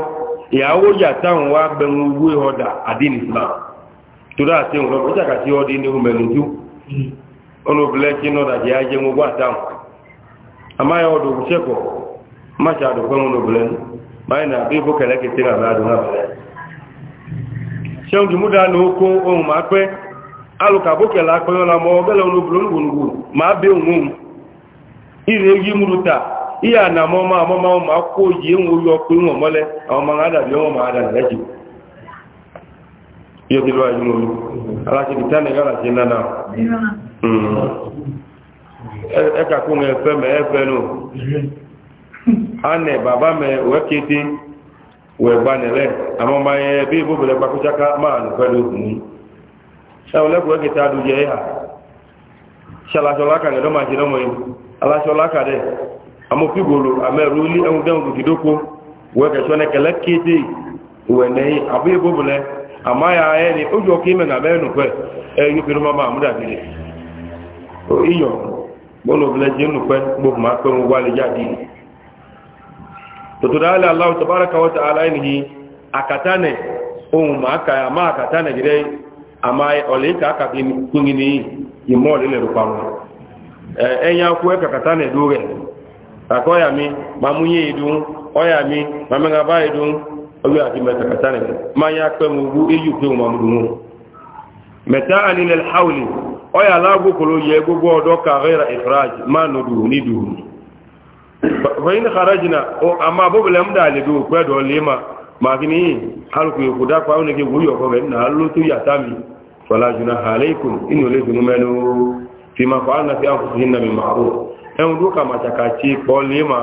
ìyàwó yàtàwọn wa bẹ̀rù owó ọ̀dà àdín islam torí àti òun lọ́pọ̀ ìjàkàtí ọdí ní ohun mẹ́rin jú ọ̀nà blẹki náà jẹ́ ajé gbogbo àtàwọn àmáyà ọdọ̀ òṣèkọ̀ má na àdùkọ́ ọ̀nà ọ̀nà ihe hmm. a na amụma ma ụmụ ma oji enwe oyi ọkụ adabi ma ada na ya ji ihe bịrị anyị n'olu alachibita na ma yẹ bí ibòbìnrin pakúṣáká máa nù fẹ́ lóògùn ní ṣáwọn lẹ́kọ̀ọ́ kété adùjẹ́ yà ṣe aláṣọ lákàdẹ̀ amofigolo ameruli enwudenwu gidoko wekechone kele kete wenehi abu ebobule ama ya aye ni ojo ka ime na menu kwe eyu kiri mama amuda gidi o iyo bolo bile je ma allah wa taala inhi akatane ma ya ma akatane ama ole ka aka bi kungini imo le le enya ku e dure akɔ ya mamu ye yi dun ya mi yi dun y'a y'a kpɛ mu bu eyu pe mu mamu dun o mɛtɛ ani lɛ hawli ɔya la yɛ gbogbo ɔdɔ kavera ifraj ma nɔ duuru ni a ma mu kpɛ dɔ ma makini aluku ye kuda kɔfɛ na alo yata mi inu le dunu mɛ ẹ̀hùn tó kà màtàkà tí pọ̀ léèmà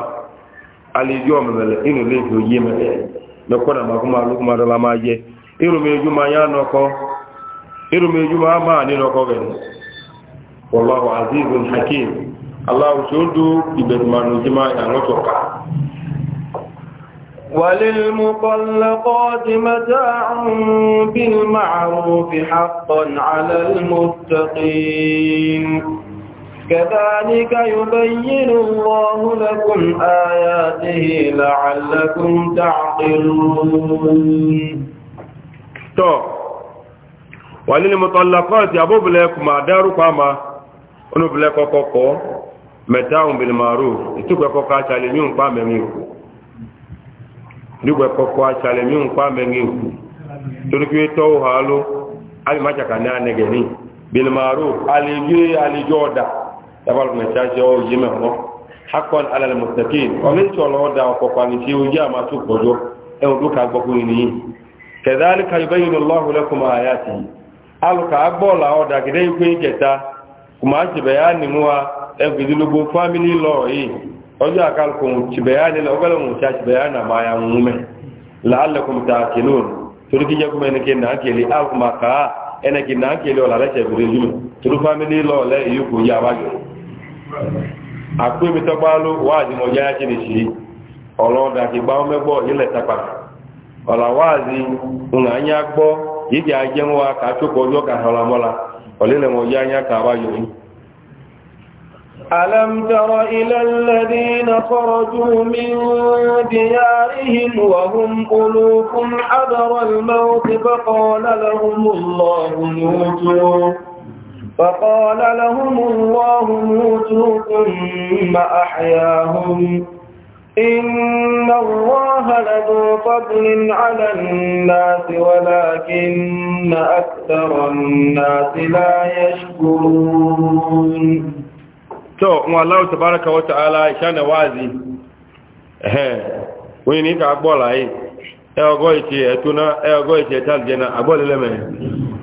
alẹ́jọ́ ọ̀mọ̀lẹ̀ inú lè fi òye mẹ́lẹ̀ lọ́kọ́dà màkúmà lókùmà dọ́là máa yẹ irùmẹ̀jú máa yá nọkọ irùmẹ̀jú máa máa وللمطلقات متاع بالمعروف حقا على المتقين كذلك يبين الله لكم آياته لعلكم تعقلون تو وللمطلقات أبو بلاك ما دارك أما أنو بلاك كوكو متاع بالمعروف تبقى كوكا تعلمين قام منكم nígbà kọkọ aṣàlẹ̀mí ń pa mẹ́rin ìkù torí pé tọ́wọ́ ha ló alìmájàkà ní anẹ́gẹ̀ ní bilmaru dabal me ta jo yime ho hakon alal muttaqin o min to lo da ko kwani ti o ja ma tu bojo e o duka gbo ko ni kadhalika yubayyinu allah lakum ayatihi al ka agbo la o da gide ku jeta kuma ti bayani muwa e gidilu bo family law yi ojo akal ko ti bayani lo galo mu ta ti bayana ma ya mume la'allakum ta'qilun turki je kuma ne ken na akeli al kuma ka ene kin na akeli o la la che bidilu turu family law le yuku ya bajo akpébi tɔgbalu wáàdì mɔdza yá tini si ɔlɔdà kìgbà ɔmɛgbɔ ilẹ takpa ɔlà ọla ŋun anya gbɔ yíyí adzɛŋ wa kàtó kɔjɔ kàhɔlamɔla ɔlẹlẹ mɔdza anya kàwa yòyi. ألم تر إلى الذين خرجوا من ديارهم وهم ألوف حذر فقال لهم الله موتوا ثم أحياهم إن الله لذو فضل على الناس ولكن أكثر الناس لا يشكرون to wallahu tabaraka wa ta'ala shana wazi eh wini ka agbola yi e ogo iti etuna e ogo iti etaljena agbola leme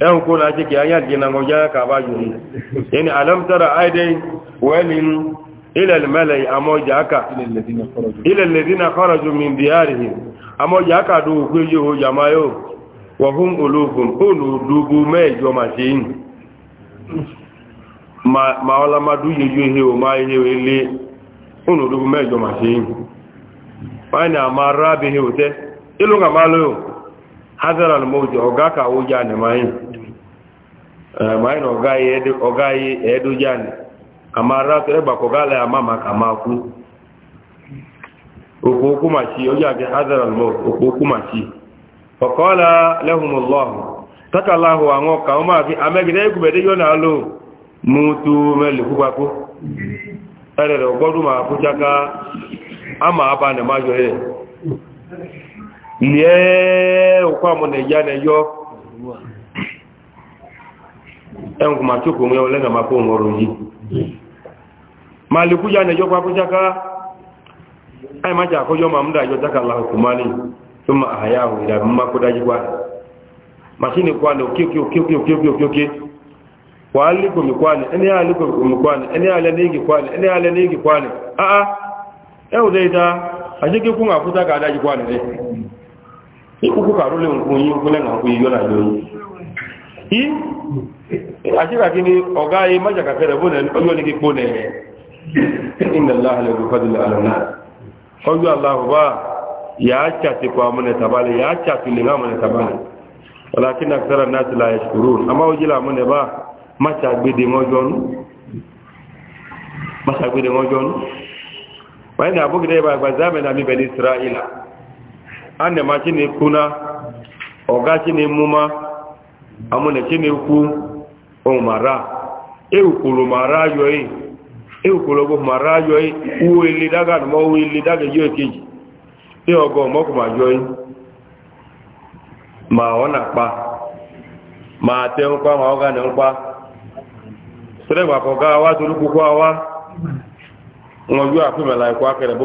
yan kuna ciki an yadda na gauja ka ba yi ne yani alamtara aidai walin ilal malai a mawuja aka ilal na kharaju min diyarihim a mawuja aka duhu ho wa hun dubu mai jo ma se yin ma wala ma du ihe o ma ihe ele dubu mai jo ma se yin ma ihe o ilu ga ma lo hazara almauti ọ̀gá ka ó jáde mayin na ọ̀gá yẹ ẹ̀ẹ́dó jáde àmà rátọ̀ ẹgbàkọ̀gá lẹ́ àmà màkà máa kú òkú okú mà sí hazara almauti òkú okú mà sí ọ̀kọ́lá lẹ́hùnmọ́lọ́hùn tákàláhù àwọn ọkà ọmọ àfi amẹ́gidẹ́ ìkùbẹ̀dẹ́ yóò náà lò mú tó mẹ́lẹ̀ kúgbàkú ilé òkú àmọ́ nàìjíríà nàìjọ́ ẹnkù máa tí òkùnrin ọlẹ́ nà máa kó òun ọrọ̀ yìí máa lè kú yá nàìjọ́ pápúnṣáká àì má jà àkójọ́ máa ń dà àjọ tákàlá òkú máa lè tó máa àyà òun ìdàbí má kó dájú wá màṣínì kó àná òkèòkè òkèòkè òkèòkè òkèòkè wà á lè kòmì kó àná ẹni ikuku kàró lè nkun yí nkun lẹ́nà nkun yí yọ́nà lóyún yí àṣírà kí ni ọ̀gá yìí májàkàfẹ́ rẹ̀ bó nẹ̀ ọjọ́ ní kíkó nẹ̀ inna allah lè rúfa dìlẹ̀ alọ́nà ọjọ́ aláhùbá yàá chàtì kọ amúnẹ̀ tabalẹ̀ yàá chàtì lè amúnẹ̀ tabalẹ̀ ọ̀làkín náà sára náà ti la yẹ ṣùkúrú àmá ó jí làmúnẹ̀ bá máṣà gbédè mọ́jọ́ nú máṣà gbédè mọ́jọ́ nú wáyé ní abúgidẹ́ ìbá ìgbà zámẹ́ náà mi bẹ̀ ní israẹ́lá a na ma chinekwu na ọga chinemuma amụna chinekwu omara ewukwuru mara yoi ewukwuru ogbo mara yoi uwe ili daga anụma uwe ili daga yi okeji tí e ọgọ ọmọkù máa yọ yín máa ọ̀nà ma te tẹ ma pa máa ọ̀gá ní ń pa tẹ́lẹ̀gbà kọ̀ọ̀gá wa torí kúkú wa wọ́n yóò àfihàn láìkú akẹrẹ bó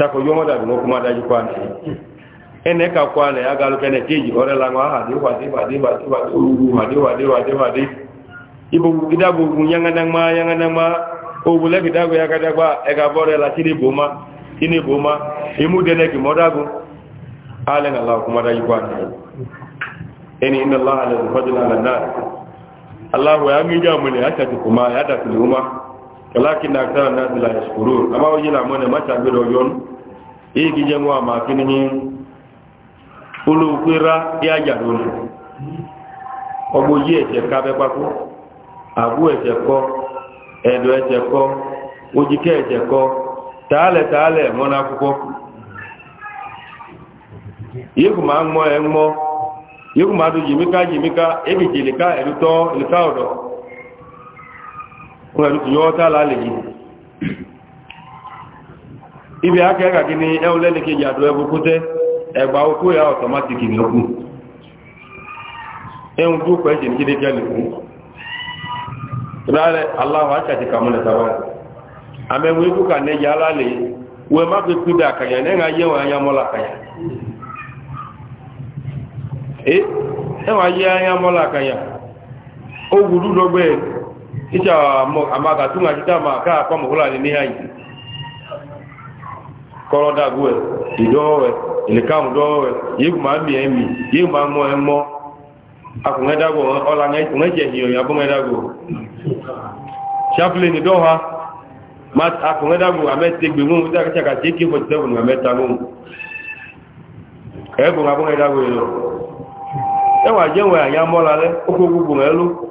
tako yomo da no kuma da ji kwana ene ka kwana ya galu kene tiji ore la ngwa hadi wa di wa di wa di wa di uru wa di wa di wa di wa di ibu gida bu nyanga nang ma yanga nang ma o bule gida go ya ka da ba e ka bore la tini boma ini boma imu dene ki moda go ale na la kuma da ji kwana eni inna allaha la fadla ala Allah allah ya mi jamu ne hata kuma ya da kuma walakin akthara an-nas la yashkurun ama wajila mone macha gbedo yon igi jengo ama kinini ulu kwira ya jadun ogbo ye je ka be papo agu eje ko edo eje ko ojike eje ko taale taale mona akuko yeku ma mo e mo yeku ma do jimika jimika ebi jilika eruto ilka odo ibi aka ị ga gị n ewele na ji adụ ebe kwute egba ụkwụ ya ọtọmatik na okwu enwụta ụkwa eji nkiri ke lekwu rárẹ aláwọ̀ àṣàtìkà ní lè wọ́n má ayámọ́lá àkàyà ó wùdú icha amaka tunga kitama ka kwa muhula ni ni hai koroda gwe idowe ilika udowe yiguma mi emi yiguma mo emo akungeda go ola ngai kungeje hiyo yabungeda go chaplin ni doha mas akungeda go kachiki ni ameta ewa le ngelu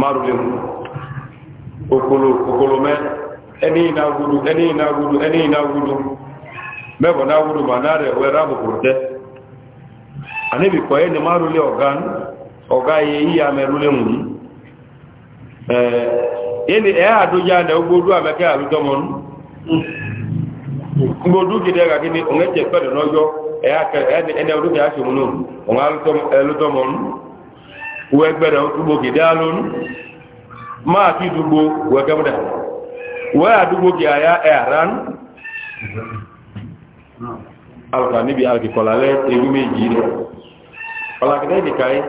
marulin okolome ẹni iná gudu ẹni iná gudu ẹni iná gudu mẹ́bọ̀ náà gudu ma náà rẹ̀ wẹ́rẹ́ àbùkù tẹ́ anibikọ̀ ẹni marulin ọ̀gán ọ̀gá yẹ yíya mẹ́rulin wù ẹni ẹ̀ eh, àdójá e nẹ ogbodu àmẹ́kẹ́ àlùjọmọ́nù gbogbo gidi ẹ̀ka gidi òun ẹ̀jẹ̀ pẹ̀lú náà yọ ẹ̀ ẹni ẹ̀dókè àṣemúnú òun àlùjọmọ́nù wee gbere ugbo gị daa lonu ma ki dugbo wee gebda wee adugbo gị aya eran alka nibi alki kolale egume jire alaki dai di kai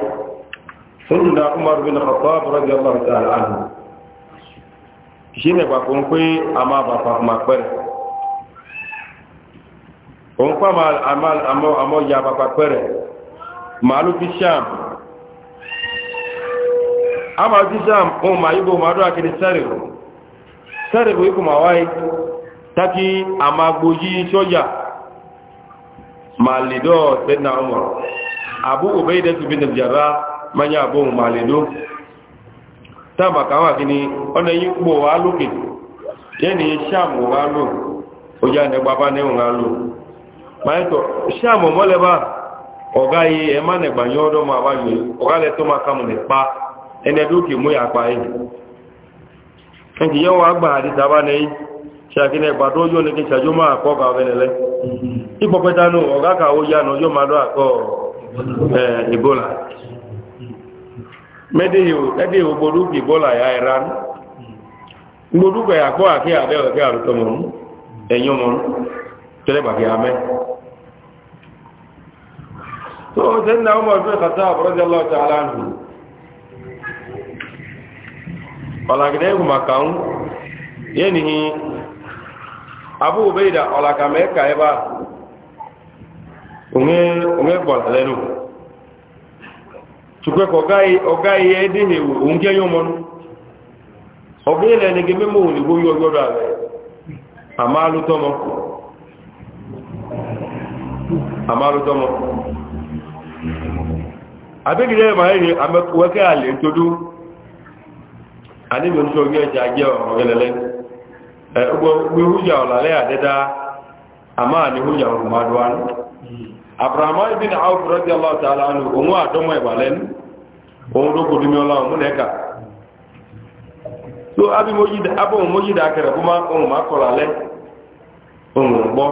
sun da umar bin khattab radiyallahu ta'ala anhu shine ba kun pe ama ba fa ma pere on pa ma amal amo amo ya ba pa pere malu fi sham ama jisam uma yugo madu akini sarigo sarigo yuko mawai taki amagoji soja malido sedna umar abu ubaida bin jarrah manya abu malido tama kama kini ona yuko wa luki yani sham wa lu oja ne baba ne wa lu maito sham mo leba ogayi e mane gbanyo do ma ba yi ogale to ma kamu ne pa ẹni ẹdún kì mú yàpá yìí ẹnkì yẹn wọ́n agbà àdìsá bá ní ṣàkínà ìpàdó yóò ní kí ṣàjọ́ máa kọ́ ọ̀gá ọ̀bẹ̀ nílẹ̀ ìpọ̀pẹ́ta nù ọ̀gá kàwó yánu yóò máa dọ́ àkọ́ ìbólà mẹ́dẹ̀ ìwò gbòdúkì ìbólà ọ̀làgídẹ́ ìhùn abụ ń yé nìyí abúgbé ìdá ọ̀làkà mẹ́ka ẹbá òun gbọ̀là lẹ́nu tukẹ́kọ̀ ọ̀gá iye dìhì òun jẹ́ yóò mọ́nú ọ̀gá ilẹ̀ ni gẹ́gẹ́ mọ́ òun ìwó ani mi nso ge ja je o gelele e eh, ugbo mi huja ola le adeda ama ni huja o ma duan abraham ibn auf radiyallahu ta'ala anhu umu adomo ibalen on do ko dimi ola mu neka so abi moji da abo moji da kare kuma on ma ko lale on gbo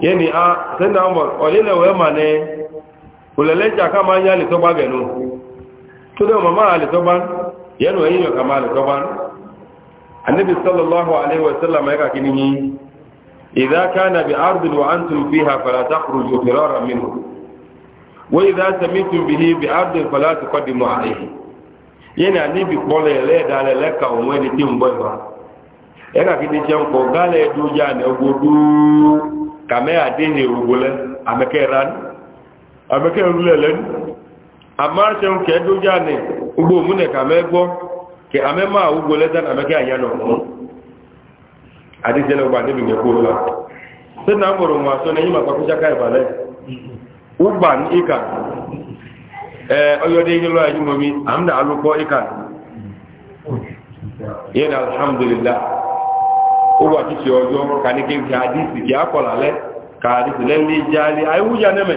yeni a senda umar olele we mane ulele ja kama nya li to gbagenu to de mama ali to gbagenu yẹnu ẹyin yọ kama lè tọba anabi sallallahu alaihi wasallam ya kaki nihi idha kana bi ardin wa antum fiha fala takhruju firara minhu wa idha samitum bihi bi ardin fala tuqaddimu alayhi yẹnu anabi kpọlọ ẹlẹ dalẹ lẹka òun ẹni tí ń bọ ìwà ẹ kaki ni jẹun kọ gálẹ dúdjà ní ọgbó dúú kàmẹ àdéhìn ògbó lẹ amẹkẹ ran amẹkẹ rúlẹ lẹnu. amarịcha nke edoji anị ugbo omune ka mee ka ke amema ugbo leta na ameka anya e, nọ adịzie na ụgbọ adịbi ngekwu ụla sị na mụrụ nwa so na enyi maka kwụcha ka ịbale ụgba ịka ee ọyọdị ihe lụọ anyị momi am na alụkọ ịka ihe na alhamdulillah ụbọchị si ọjọọ ka nike nke adịsi ka akọlalẹ ka adịsi lele ije ali anyị wụja neme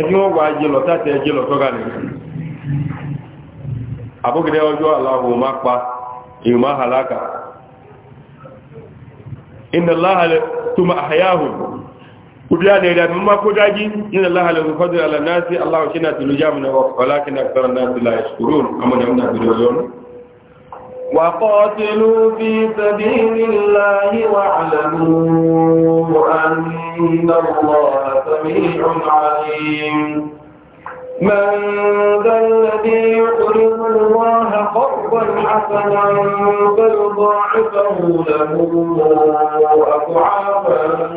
ẹni wọ́n wá jẹ́ lọ́tà tẹ́ jẹ́ lọ́tọ́ gà nìyí àbúgidẹ́ ọjọ́ aláwọ̀ má pa èyí má halaka iná láhàlẹ̀ tó ma àyáhù kùdí àdé rẹ̀ mú kó dájí iná وقاتلوا في سبيل الله واعلموا أن الله سميع من ذا الذي يقرض الله قرضا حسنا فيضاعفه له أضعافا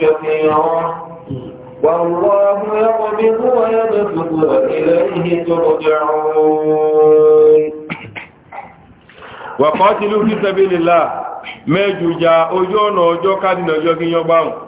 كثيرة والله يقبض ويبسط وإليه ترجعون وقاتلوا في سبيل الله مجوجا أجون أجو كان أجو كن يبعون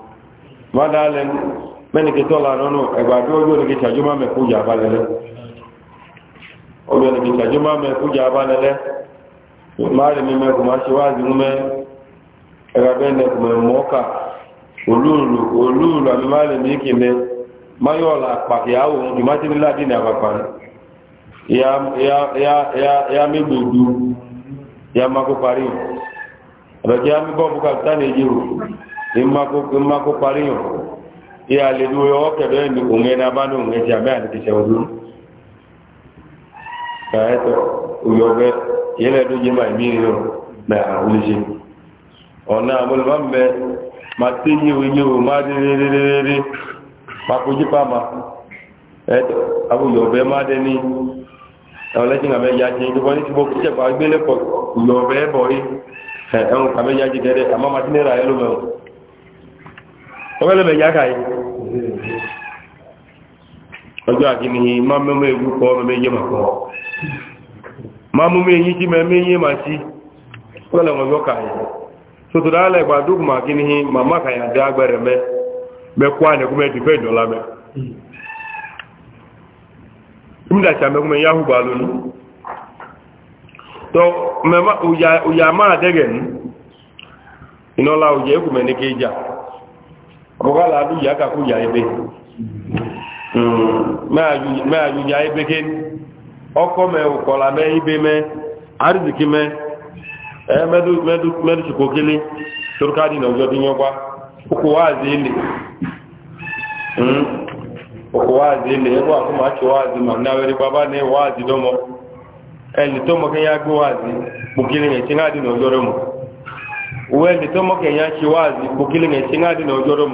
mada lẹnu mẹ́nìkì tọ́la nínú ẹgbàdo ojú oníkì tàjúmọ́ mẹ́kú jà bá lẹ́lẹ́ ojú oníkì tàjúmọ́ mẹ́kú jà bá lẹ́lẹ́ máàrin mi mẹ́kù máa ṣe wáàzì mú mẹ́ ẹgbàbẹ́ nẹ́kù mẹ́ mọ́ọ́kà olúùlù olúùlù àmì ya mi ya má kó parí àbẹ̀kí ya mi mmako pariyo iya le du yo ke do ni unge na banu unge ja ba ni se wudu ka eto uyo be yele du jima mi yo na ulije ona mul bambe matinyi winyo ma de de de de pakuji pama eto abu yo be ma de ni ọlẹ́jì ń àmẹ́yà jẹ́ ìjọba ní ṣubọ́ kíjẹ̀bà gbélé pọ̀ lọ́ọ̀bẹ́ bọ̀ rí ẹ̀ẹ́n àmẹ́yà jẹ́ gẹ́rẹ́ àmọ́ màtínẹ́rà ẹlòmẹ́rún ọgbẹ́lẹ́bẹ̀ yá káyé ọjọ́ àkíní máa mẹ́mọ́ ewu kọ́ mẹ́mẹ́ yé màá kọ́ máa mú mi ma kí ma yé màá sí ọgbẹ́lẹ́ wọn yọ káyé sotoro alẹ́ gba ma màá ma ni ìnọ́lá ní ọgọ́lá adú yà kàkú ya ebe mẹ́àjú ya ebe ké ọkọ́ mẹ́ ọkọ̀lá mẹ́ ibe mẹ́ àrídìkí mẹ́ ẹ mẹ́dù ṣùkò kélé torkadi na ọjọ́ dínyọ́ gbá okòwà àzílẹ̀ hmm, ẹgbọ́ àkọ́mọ̀ àti wáàzí ma náwẹ́rí bàbá ní wáàzí dọ́mọ ẹni tó mọ́ kẹ́yà gbé wáàzí gbogbo kéré ẹ̀ tí náà dì ní ọjọ́ rẹ̀ mọ́ uwe to mo kenya ci wazi ko kilinga ci ngadi no jorom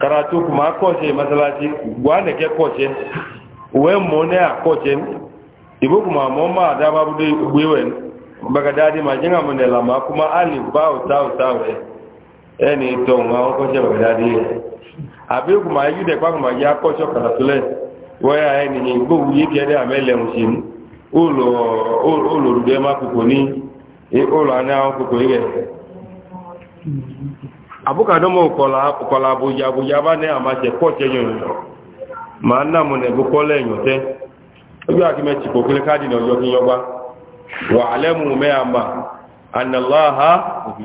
karatu kuma ko ce masalaci gwane ke ko mo ne a ko ce ibo kuma mo ma da babu dai gwewen baga ma jinga mo ne kuma ali ba o ta o ta we eh. eni to ma ko ce baga dadi eh. abi kuma kwa ya ko ce karatu le eni eh, ni ke da amele musin ulo ulo rude ma ụlọ anya akwụkwọ ihe abụkadom kpọla abụja abụja aba na amache enyo nyonyo ma nna m na-ebu kpọla enyote obi akị mechikwa okele kaadị na ọjọọ kinye ọgba wa alemume ya ma anallaha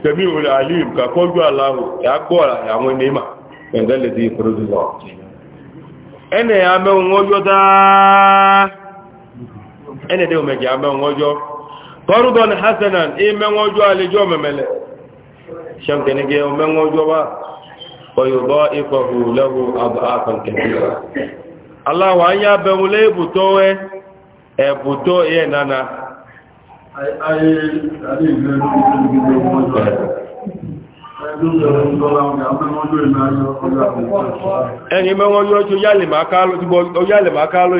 samiul alim ka ala ahụ ya gbọ́ àwọn níma pẹ̀lú lè di ìfúrúdú lọ ẹnẹ̀ ya mẹ́wọ̀n ọjọ́ dáa ẹnẹ̀ dẹ́ kọrùdọ̀nì hasanan ìmẹ́wọ́jọ́ àlejò mẹ́mẹ́lẹ̀ ṣẹ́mkẹ̀nigẹ́ ọmẹ́wọ́jọ́ bá ọyọ̀bọ́ ọba. lẹ́hu àbáàkọ̀kẹ̀kẹ̀kẹ̀ aláwọ̀ anyá bẹ̀wọlé ìbùtọ́ ẹ̀bùtọ́ yẹ nana ẹ̀yìn mẹ́wọ́jọ́ ọjọ́ yálẹ̀má kálọ́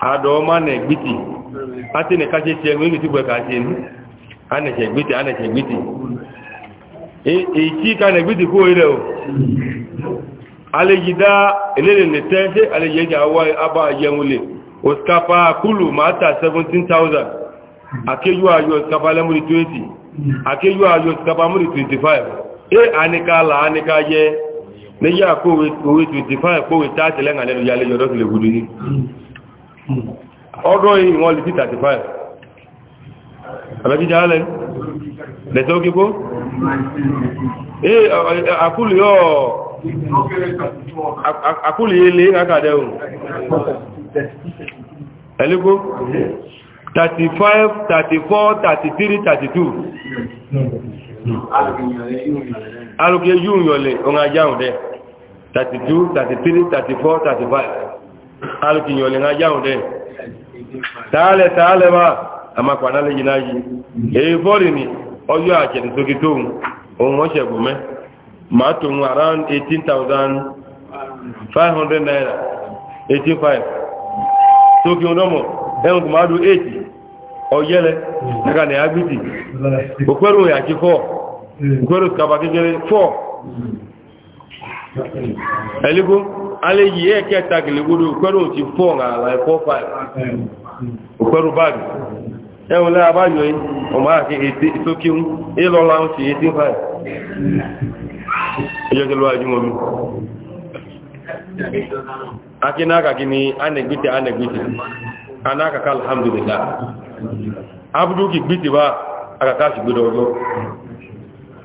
adọọma na-egbiti atị na kacha echi enwe ilu tibwe ka atị enu a na-eche egbiti na-eche egbiti echi e ka egbiti kwuo ire o alejida elelele te ṣe aleje awa aba oskapa kulu ma 17,000 ayo oskapa e ní yá kó owó 25 kó owó 30 lẹ́nà lẹ́nu yálé yọ́dọ́ sílẹ̀ gudu ní ọdún yìí wọ́n lè sí 35 àbẹ́jíjá alẹ́ lẹ́tẹ́ ó kíkó àkúlù yọ́ àkúlù yìí lè rákàdẹ́ ohun ẹ̀lẹ́kó 35 34 33 32 alùpùpù yóò yọlẹ̀ ọ̀nà ajáhùn dẹ̀ 32 33 34 35 alùpùpù ọ̀nà ajáhùn dẹ̀ tààlẹ̀ tààlẹ̀ máa àmàkànà lè yìí yìí èyí fọ́ọ̀lì ni ọjọ́ àjẹ̀dẹ̀ tóun ohun ọ̀ṣẹ̀ gùnmẹ́ máa tóun around 18,500 naira 85 sókè ọdọ́mọ̀ ẹ̀hùn kò gwẹ́rù kàbà gẹ́gẹ́rẹ́ fọ́ ẹ̀lẹ́gbó alẹ́ yìí ẹ̀kẹ́ tagìlẹ̀ gbódò kwẹ́rù ti fọ́ ààlà ẹ̀kọ́ fàìlì òkwẹ́rù báàdì ẹ̀wọ̀n lẹ́ abáyọ̀ yìí ọmọ àti ètè ìtókí ń ìlọ́lá ń ṣe ètè fàìlì ẹjọ́ kẹlú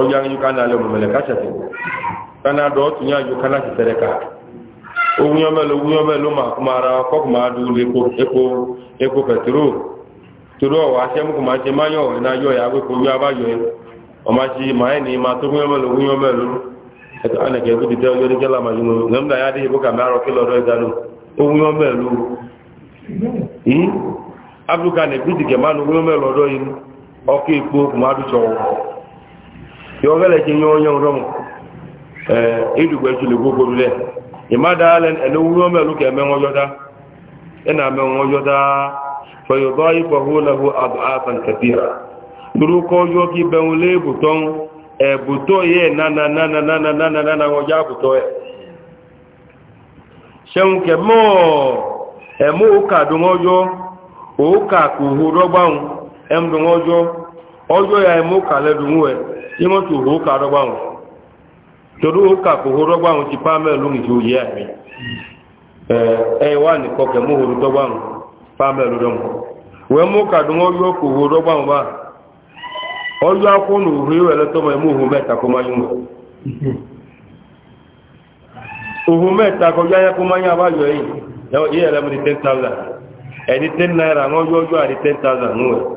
ọjọ́ anyi ká nàlẹ́ mọ̀mẹ́lẹ̀ káṣẹ̀tẹ̀ kánà dọ̀ tún yá yóò kánà ṣiṣẹ́ ká ka yọ mẹ́lẹ̀ ohun yọ mẹ́lẹ̀ máa kó ma ra kọ́kù máa dùn lépo epo epo pẹ̀tírò torí ọ̀wọ́ aṣẹ́ mú kò máa ṣe ma yọọ iná ya pé kò yọ abáyọ̀ ẹ ọmọ ṣe máa ẹ̀ ní máa tó ohun yọ mẹ́lẹ̀ ohun yọ mẹ́lẹ̀ ẹ̀tọ́ ànàkẹ́ ẹ̀kú yɔgɛlɛ tsi nyɔ nyɔ rɔm ɛɛ idugbɛ tsi le gbogbo lɛ ima da lɛ wuyɔ mɛ lu mɛ ŋɔ yɔda ɛna mɛ ŋɔ yɔda yi fɔ abu afan yɔ ki bɛn butɔn butɔ yɛ nana nana nana nana nana ŋɔ ya butɔ yɛ sɛŋ kɛ mɔɔ ɛmɔ wo ka do ŋɔ yɔ wo ka ko ho dɔgba ŋu ɛmu do ŋɔ ya ka lɛ do ŋu yɛ. tí wọ́n ti hó ka rọ́gbà wọn torí ó kà kò hó rọ́gbà wọn ti pàmẹ́ lóhùn ju yẹ àmì ẹ wà ní kọkẹ mú hó wọn lóhùn mú ka dùn yọ kò hó rọ́gbà wọn bá mú hó kó yún wọn. kó yún yìí yẹ ní ten thousand ẹni ten naira yọ ten thousand nù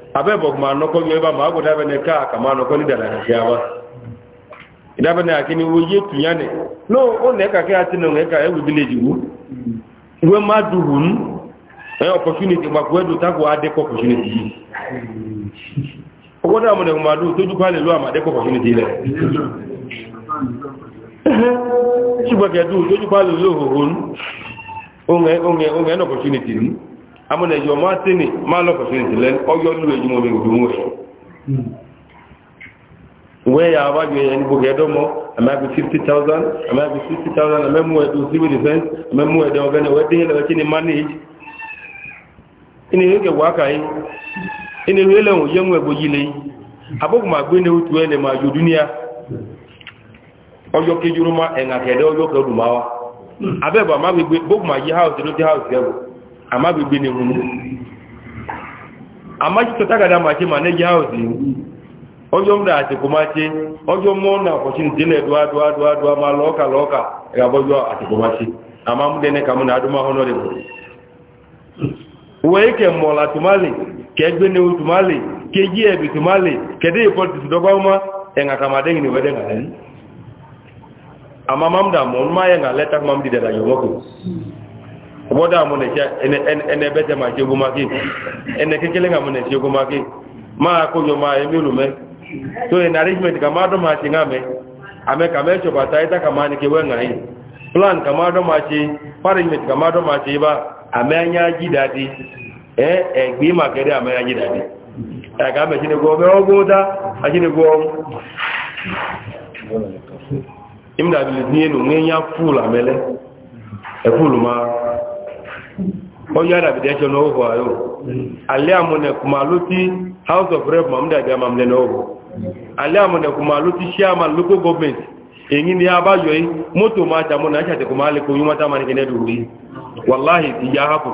abe bɔ kuma nɔkɔ yɔ ba maa ko dabe ne ka kama nɔkɔ ni dala hakiya ba dabe ne akini wo ye tunya ne no o ne ka kɛ ati ne ŋa ka ewu village wu wo ma du wu nu ɛ e opportunity ma ko edu ta opportunity yi o ko daa mo ne kuma do toju pa le lo ama de kɔ opportunity yi lɛ sugbɛ kɛ du amúnà ìjọ máa tí ní máa lọ́kọ̀ sí ìtìlẹ̀ ọjọ́ lúwẹ̀ jí mo lè dùnmù ẹ̀ wọ́n yà wájú ẹ̀yẹ ní gbogbo ẹ̀dọ́mọ́ àmàbí 50,000 àmàbí 60,000 àmẹ́mú ẹ̀dùn civil defense àmẹ́mú ẹ̀dùn ọ̀gẹ́nà wẹ́dín manage inú ìlú kẹwàá kàáyé inú ìlú ẹlẹ́wọ̀n yẹ́mú ẹ̀gbọ́ yìí lẹ́yìn àbúkù máa gbé ní otu ẹ̀lẹ́ máa jò dúníà ọjọ́ kejúrú má ẹ̀ǹkàkẹ̀dẹ́ ọjọ́ kẹrù máa wá abẹ́bà house ló amma bebe ne wunu amma ki ta gada mace ma na ji hausi ọjọ́ mda àti kọmáṣe ọjọ́ mọ́ na ọ̀pọ̀ṣin dínlẹ̀ duwaduwaduwa ma lọ́ọ̀ka lọ́ọ̀ka ìgbàbọ́jọ́ àti kọmáṣe àmá mú dẹ́nẹ́ kàmú na adúmọ́ ọ̀nà rẹ̀ wọ́n yí kẹ mọ̀lá tùmálì kẹgbẹ́ ní o tùmálì kẹjí ẹ̀bì tùmálì kẹdé ìfọ́tù tùdọ́gbàmọ́ ẹ̀ngà kàmàdẹ́yìn ìwẹ́dẹ́ ngàlẹ́ àmá má mdà mọ́ mɔdɔ a mɔnɛ cɛ ɛnɛ bɛ tɛ maa seko maki ɛnɛ kekelen ka mɔnɛ seko maki maa ko jɔ maa ye minnu mɛ to yen arrangement ka maa dɔ maa ti ŋa mɛ a mɛ ka mɛ sɔba ta i e ta ka maa ni ke wɛ ŋa ye plan ka maa dɔ maa ti arrangement ka maa dɔ maa ti ba a mɛ an da di ɛ e, ɛ e ma kɛ de a mɛ an da di ɛ k'a mɛ sini ko mɛ o ta a sini ko i bɛna bilen n'i ye ninnu n y'a fu la mɛ lɛ ɛ fulu ma. onye arabi dị eche n'ohu ayo aliamune tí house of rep mamdi abia mamle n'ohu aliamune tí chairman local government èyí ni a bá yọ yí mọ́tò máa jàmọ́ náà ṣàtẹ̀ kò máa lè kò yí mọ́ta máa ní kẹ́lẹ́ rí hapun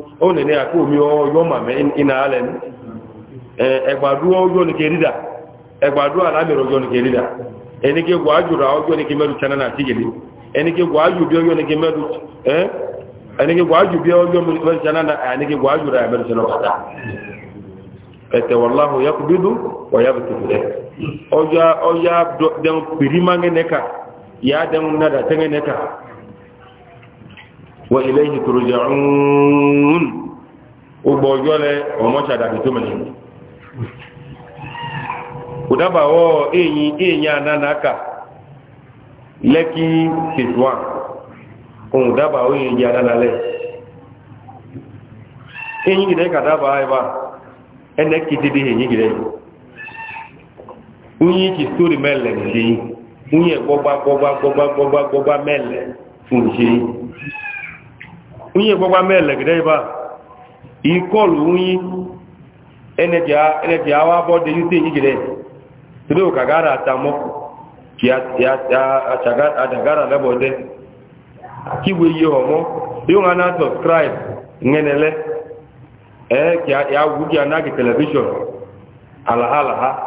ó lè ní àkó omi ọyọ́ màmẹ́ iná alẹ́ ní ẹgbàdúwọ́ ọjọ́ ní kèrìdà ẹgbàdúwọ́ alámẹ́rẹ̀ ọjọ́ ní kèrìdà ẹnikẹ́ gwájú ra ọjọ́ ní kẹmẹ́rù chanana àti gẹ̀lẹ́ ẹnikẹ́ gwájú bí ọjọ́ ní kẹmẹ́rù ẹnikẹ́ gwájú bí ọjọ́ ní kẹmẹ́rù o ẹnikẹ́ gwájú ra ẹmẹ́rù chanana pàtà ẹ̀tẹ̀ wàláhù yakubidu e, wàyàbùtùfẹ́ ọjọ́ dẹun pìrí mángẹ́ nẹ́ka yá dẹun nádà ka. wa ilayhi turja'un ugbo ọjọ́ lẹ ọmọ ṣàdàbí tó mẹ́lẹ̀ kò dábàwọ́ èyí èyí àdánàkà lẹ́kí kìtùwà ohun dábàwọ́ èyí àdánàlẹ́ èyí gìdẹ́ kà dábàá ẹbá ẹnẹ́ kìtìdì èyí gìdẹ́ ti unyi gbagba melegide ebe a ikolu unyi energy awa bọ dị yute enyi gide tiri ụka gara atamọ ki adagara lebode kigbe ihe ọmọ ịhụha na subscribe ngenele ee ya gị anaghị alaha alaha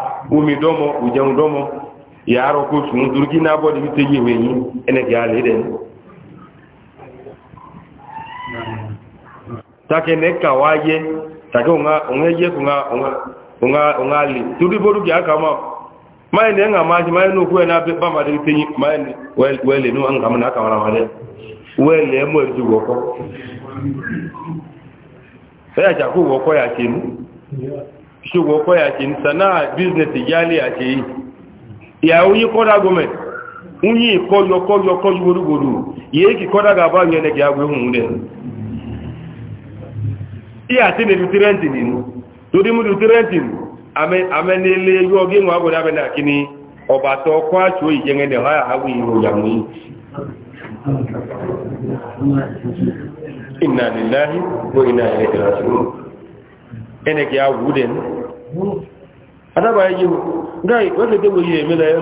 ya arụkụ sun durki take n'eka kawaye take unga unga ye kunga unga unga unga li tudi bodu aka ma mai ne nga ma mai no ku na ba ma de tinyi mai ne wel wel no anga na ka wala wale wel e mo ju go ko sai ja ku ya tin shi go ko ya tin sana business yali ya ti ya uyi unyi ko yo ko yo ko ye ki ko da ga ba ihe ati na nutrient ninu torí mu nutrient ọ amẹnilé yọ gé wọn agbọdọ abẹ náà kíni ọba tó kọ àtúwò ìjẹngẹ ní ọhá àwọn ìhò ìyàwó yìí iná níláhí bó iná ilẹ̀ ìrọ̀sùn ẹnì kí a wù dẹ̀ ní. adábàá yìí o gáì wọ́n yìí mi ẹ̀rọ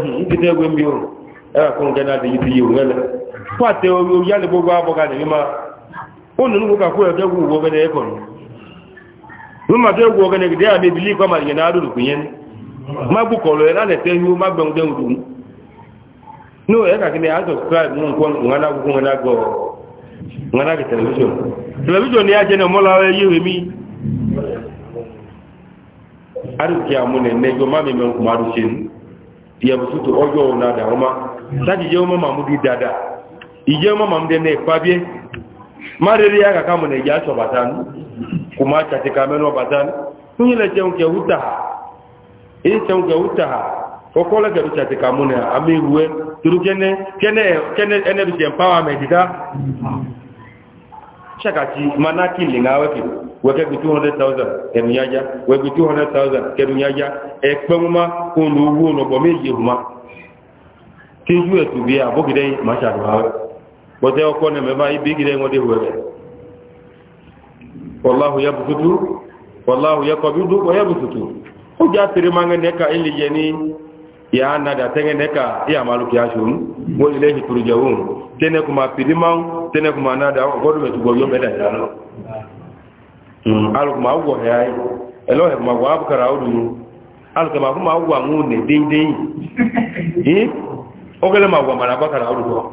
kún gẹ́ náà ti fún ma tó gbogbo ọgẹ́nẹ̀ gẹ̀dẹ́ àmì ìbílí kọ́ màrìyàn náà rúrù pìyẹn má gbùkọ̀lọ̀ ẹ̀ lálẹ̀ tẹ́ yíó ẹ̀ kàkiri àtọ̀ subscribe ni a jẹ́ mọ́lá má mi mẹ́kùn ìjẹ́ ọmọ màmúdẹ́ náà pàbíẹ́ má rẹ̀ rí àkàkà mọ̀nà ìjà sọ̀bàtà nù kuma ta ti ka meno batan kunyi le jeun ke uta e jeun ke uta ko ko le ka mune ami ruwe turu kene kene kene ene bi empowerment da chakati manaki lingawe ki weke bi 200000 kenu yaja weke 200000 kenu yaja e pemuma ko no wu bo meje huma etu bote okone ngode wallahu yabsutu wallahu yaqbidu wa yabsutu tere neka ili ya na da tenge neka ya maluki ashun mo ile hiturjaun tene kuma pidimau tene kuma na da godu metu goyo beda yalo mm alu kuma ugo elo he kuma gwa bukara udu alu kuma kuma ugo ngune dindin eh ogele ma ugo mara bakara udu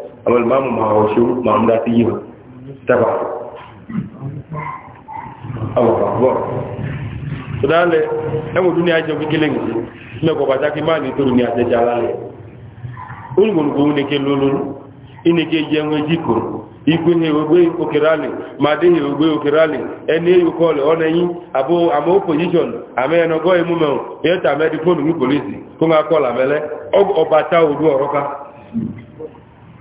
àwọn ìmáàmù máa ọ̀ṣọ́ máa ń dá sí yìí tẹ́bà àwọn àbúrò tó dáálẹ̀ ẹwọ̀n tó ní àjọ kékeré nìyí mẹ́kọ̀ọ́ pàtàkì máa nítorí ní àjẹjẹ alálẹ̀ olùgbòǹgbò nìke lólóró ìnìke jẹun ejíkò ikú ní ìwògbé òkèrálì màdé ìwògbé òkèrálì ẹni èyíkọ́ ọ̀lẹ̀ ọ̀nà yín àbó àmọ́ opposition àmọ́ ẹnọgọ́ ìmúmẹ̀ọ́ yẹ́ta mẹ́dífóònù ní pòlíìsì kó máa kọ́ làmẹ́lẹ́ ọba tá òdu ọ̀rọ̀ ká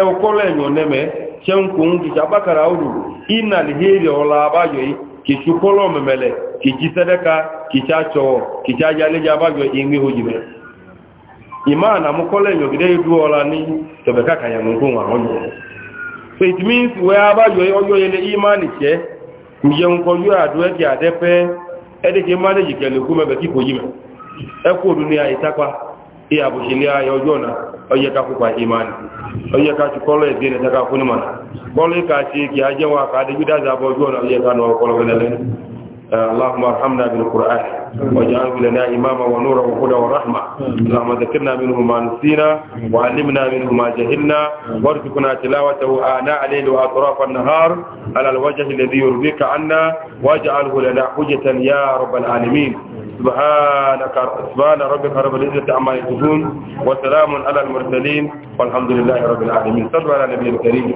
ẹ̀kọ́lẹ̀ ẹ̀yàn nẹ́mẹ́ ṣe ń kò ń kìí àbákàrà òrù iná lèhèrè ọlá abáyọ̀ yìí kìí ṣùkọ́lọ̀ mẹ́mẹ́lẹ̀ kìí ṣi sẹ́dẹ́ka kìí ṣàṣọ kìí ṣàyálẹ́jẹ́ abáyọ̀ ìwé òjìmẹ́ ìmá ànàmúkọ́lẹ̀ ẹ̀yàn gidẹ́ ìdú ọlá ní àwọn so it means wẹ́ iya bu shi liya yau jona oye ka kuka imani oye ka ci kolo e dine daga kuni mana kolo ka ci ki aje wa ka da gida za bo jona oye ka no kolo gele le اللهم ارحمنا بالقران واجعله لنا اماما ونورا وهدى ورحمه اللهم ذكرنا منه ما نسينا وعلمنا منه ما جهلنا وارزقنا تلاوته اناء الليل واطراف النهار على الوجه الذي يرضيك عنا واجعله لنا حجه يا رب العالمين سبحانك سبحان ربك رب العزة عما يصفون وسلام على المرسلين والحمد لله رب العالمين صلوا على النبي الكريم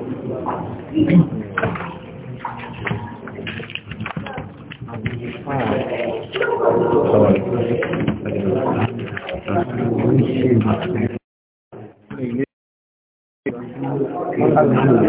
Thank you.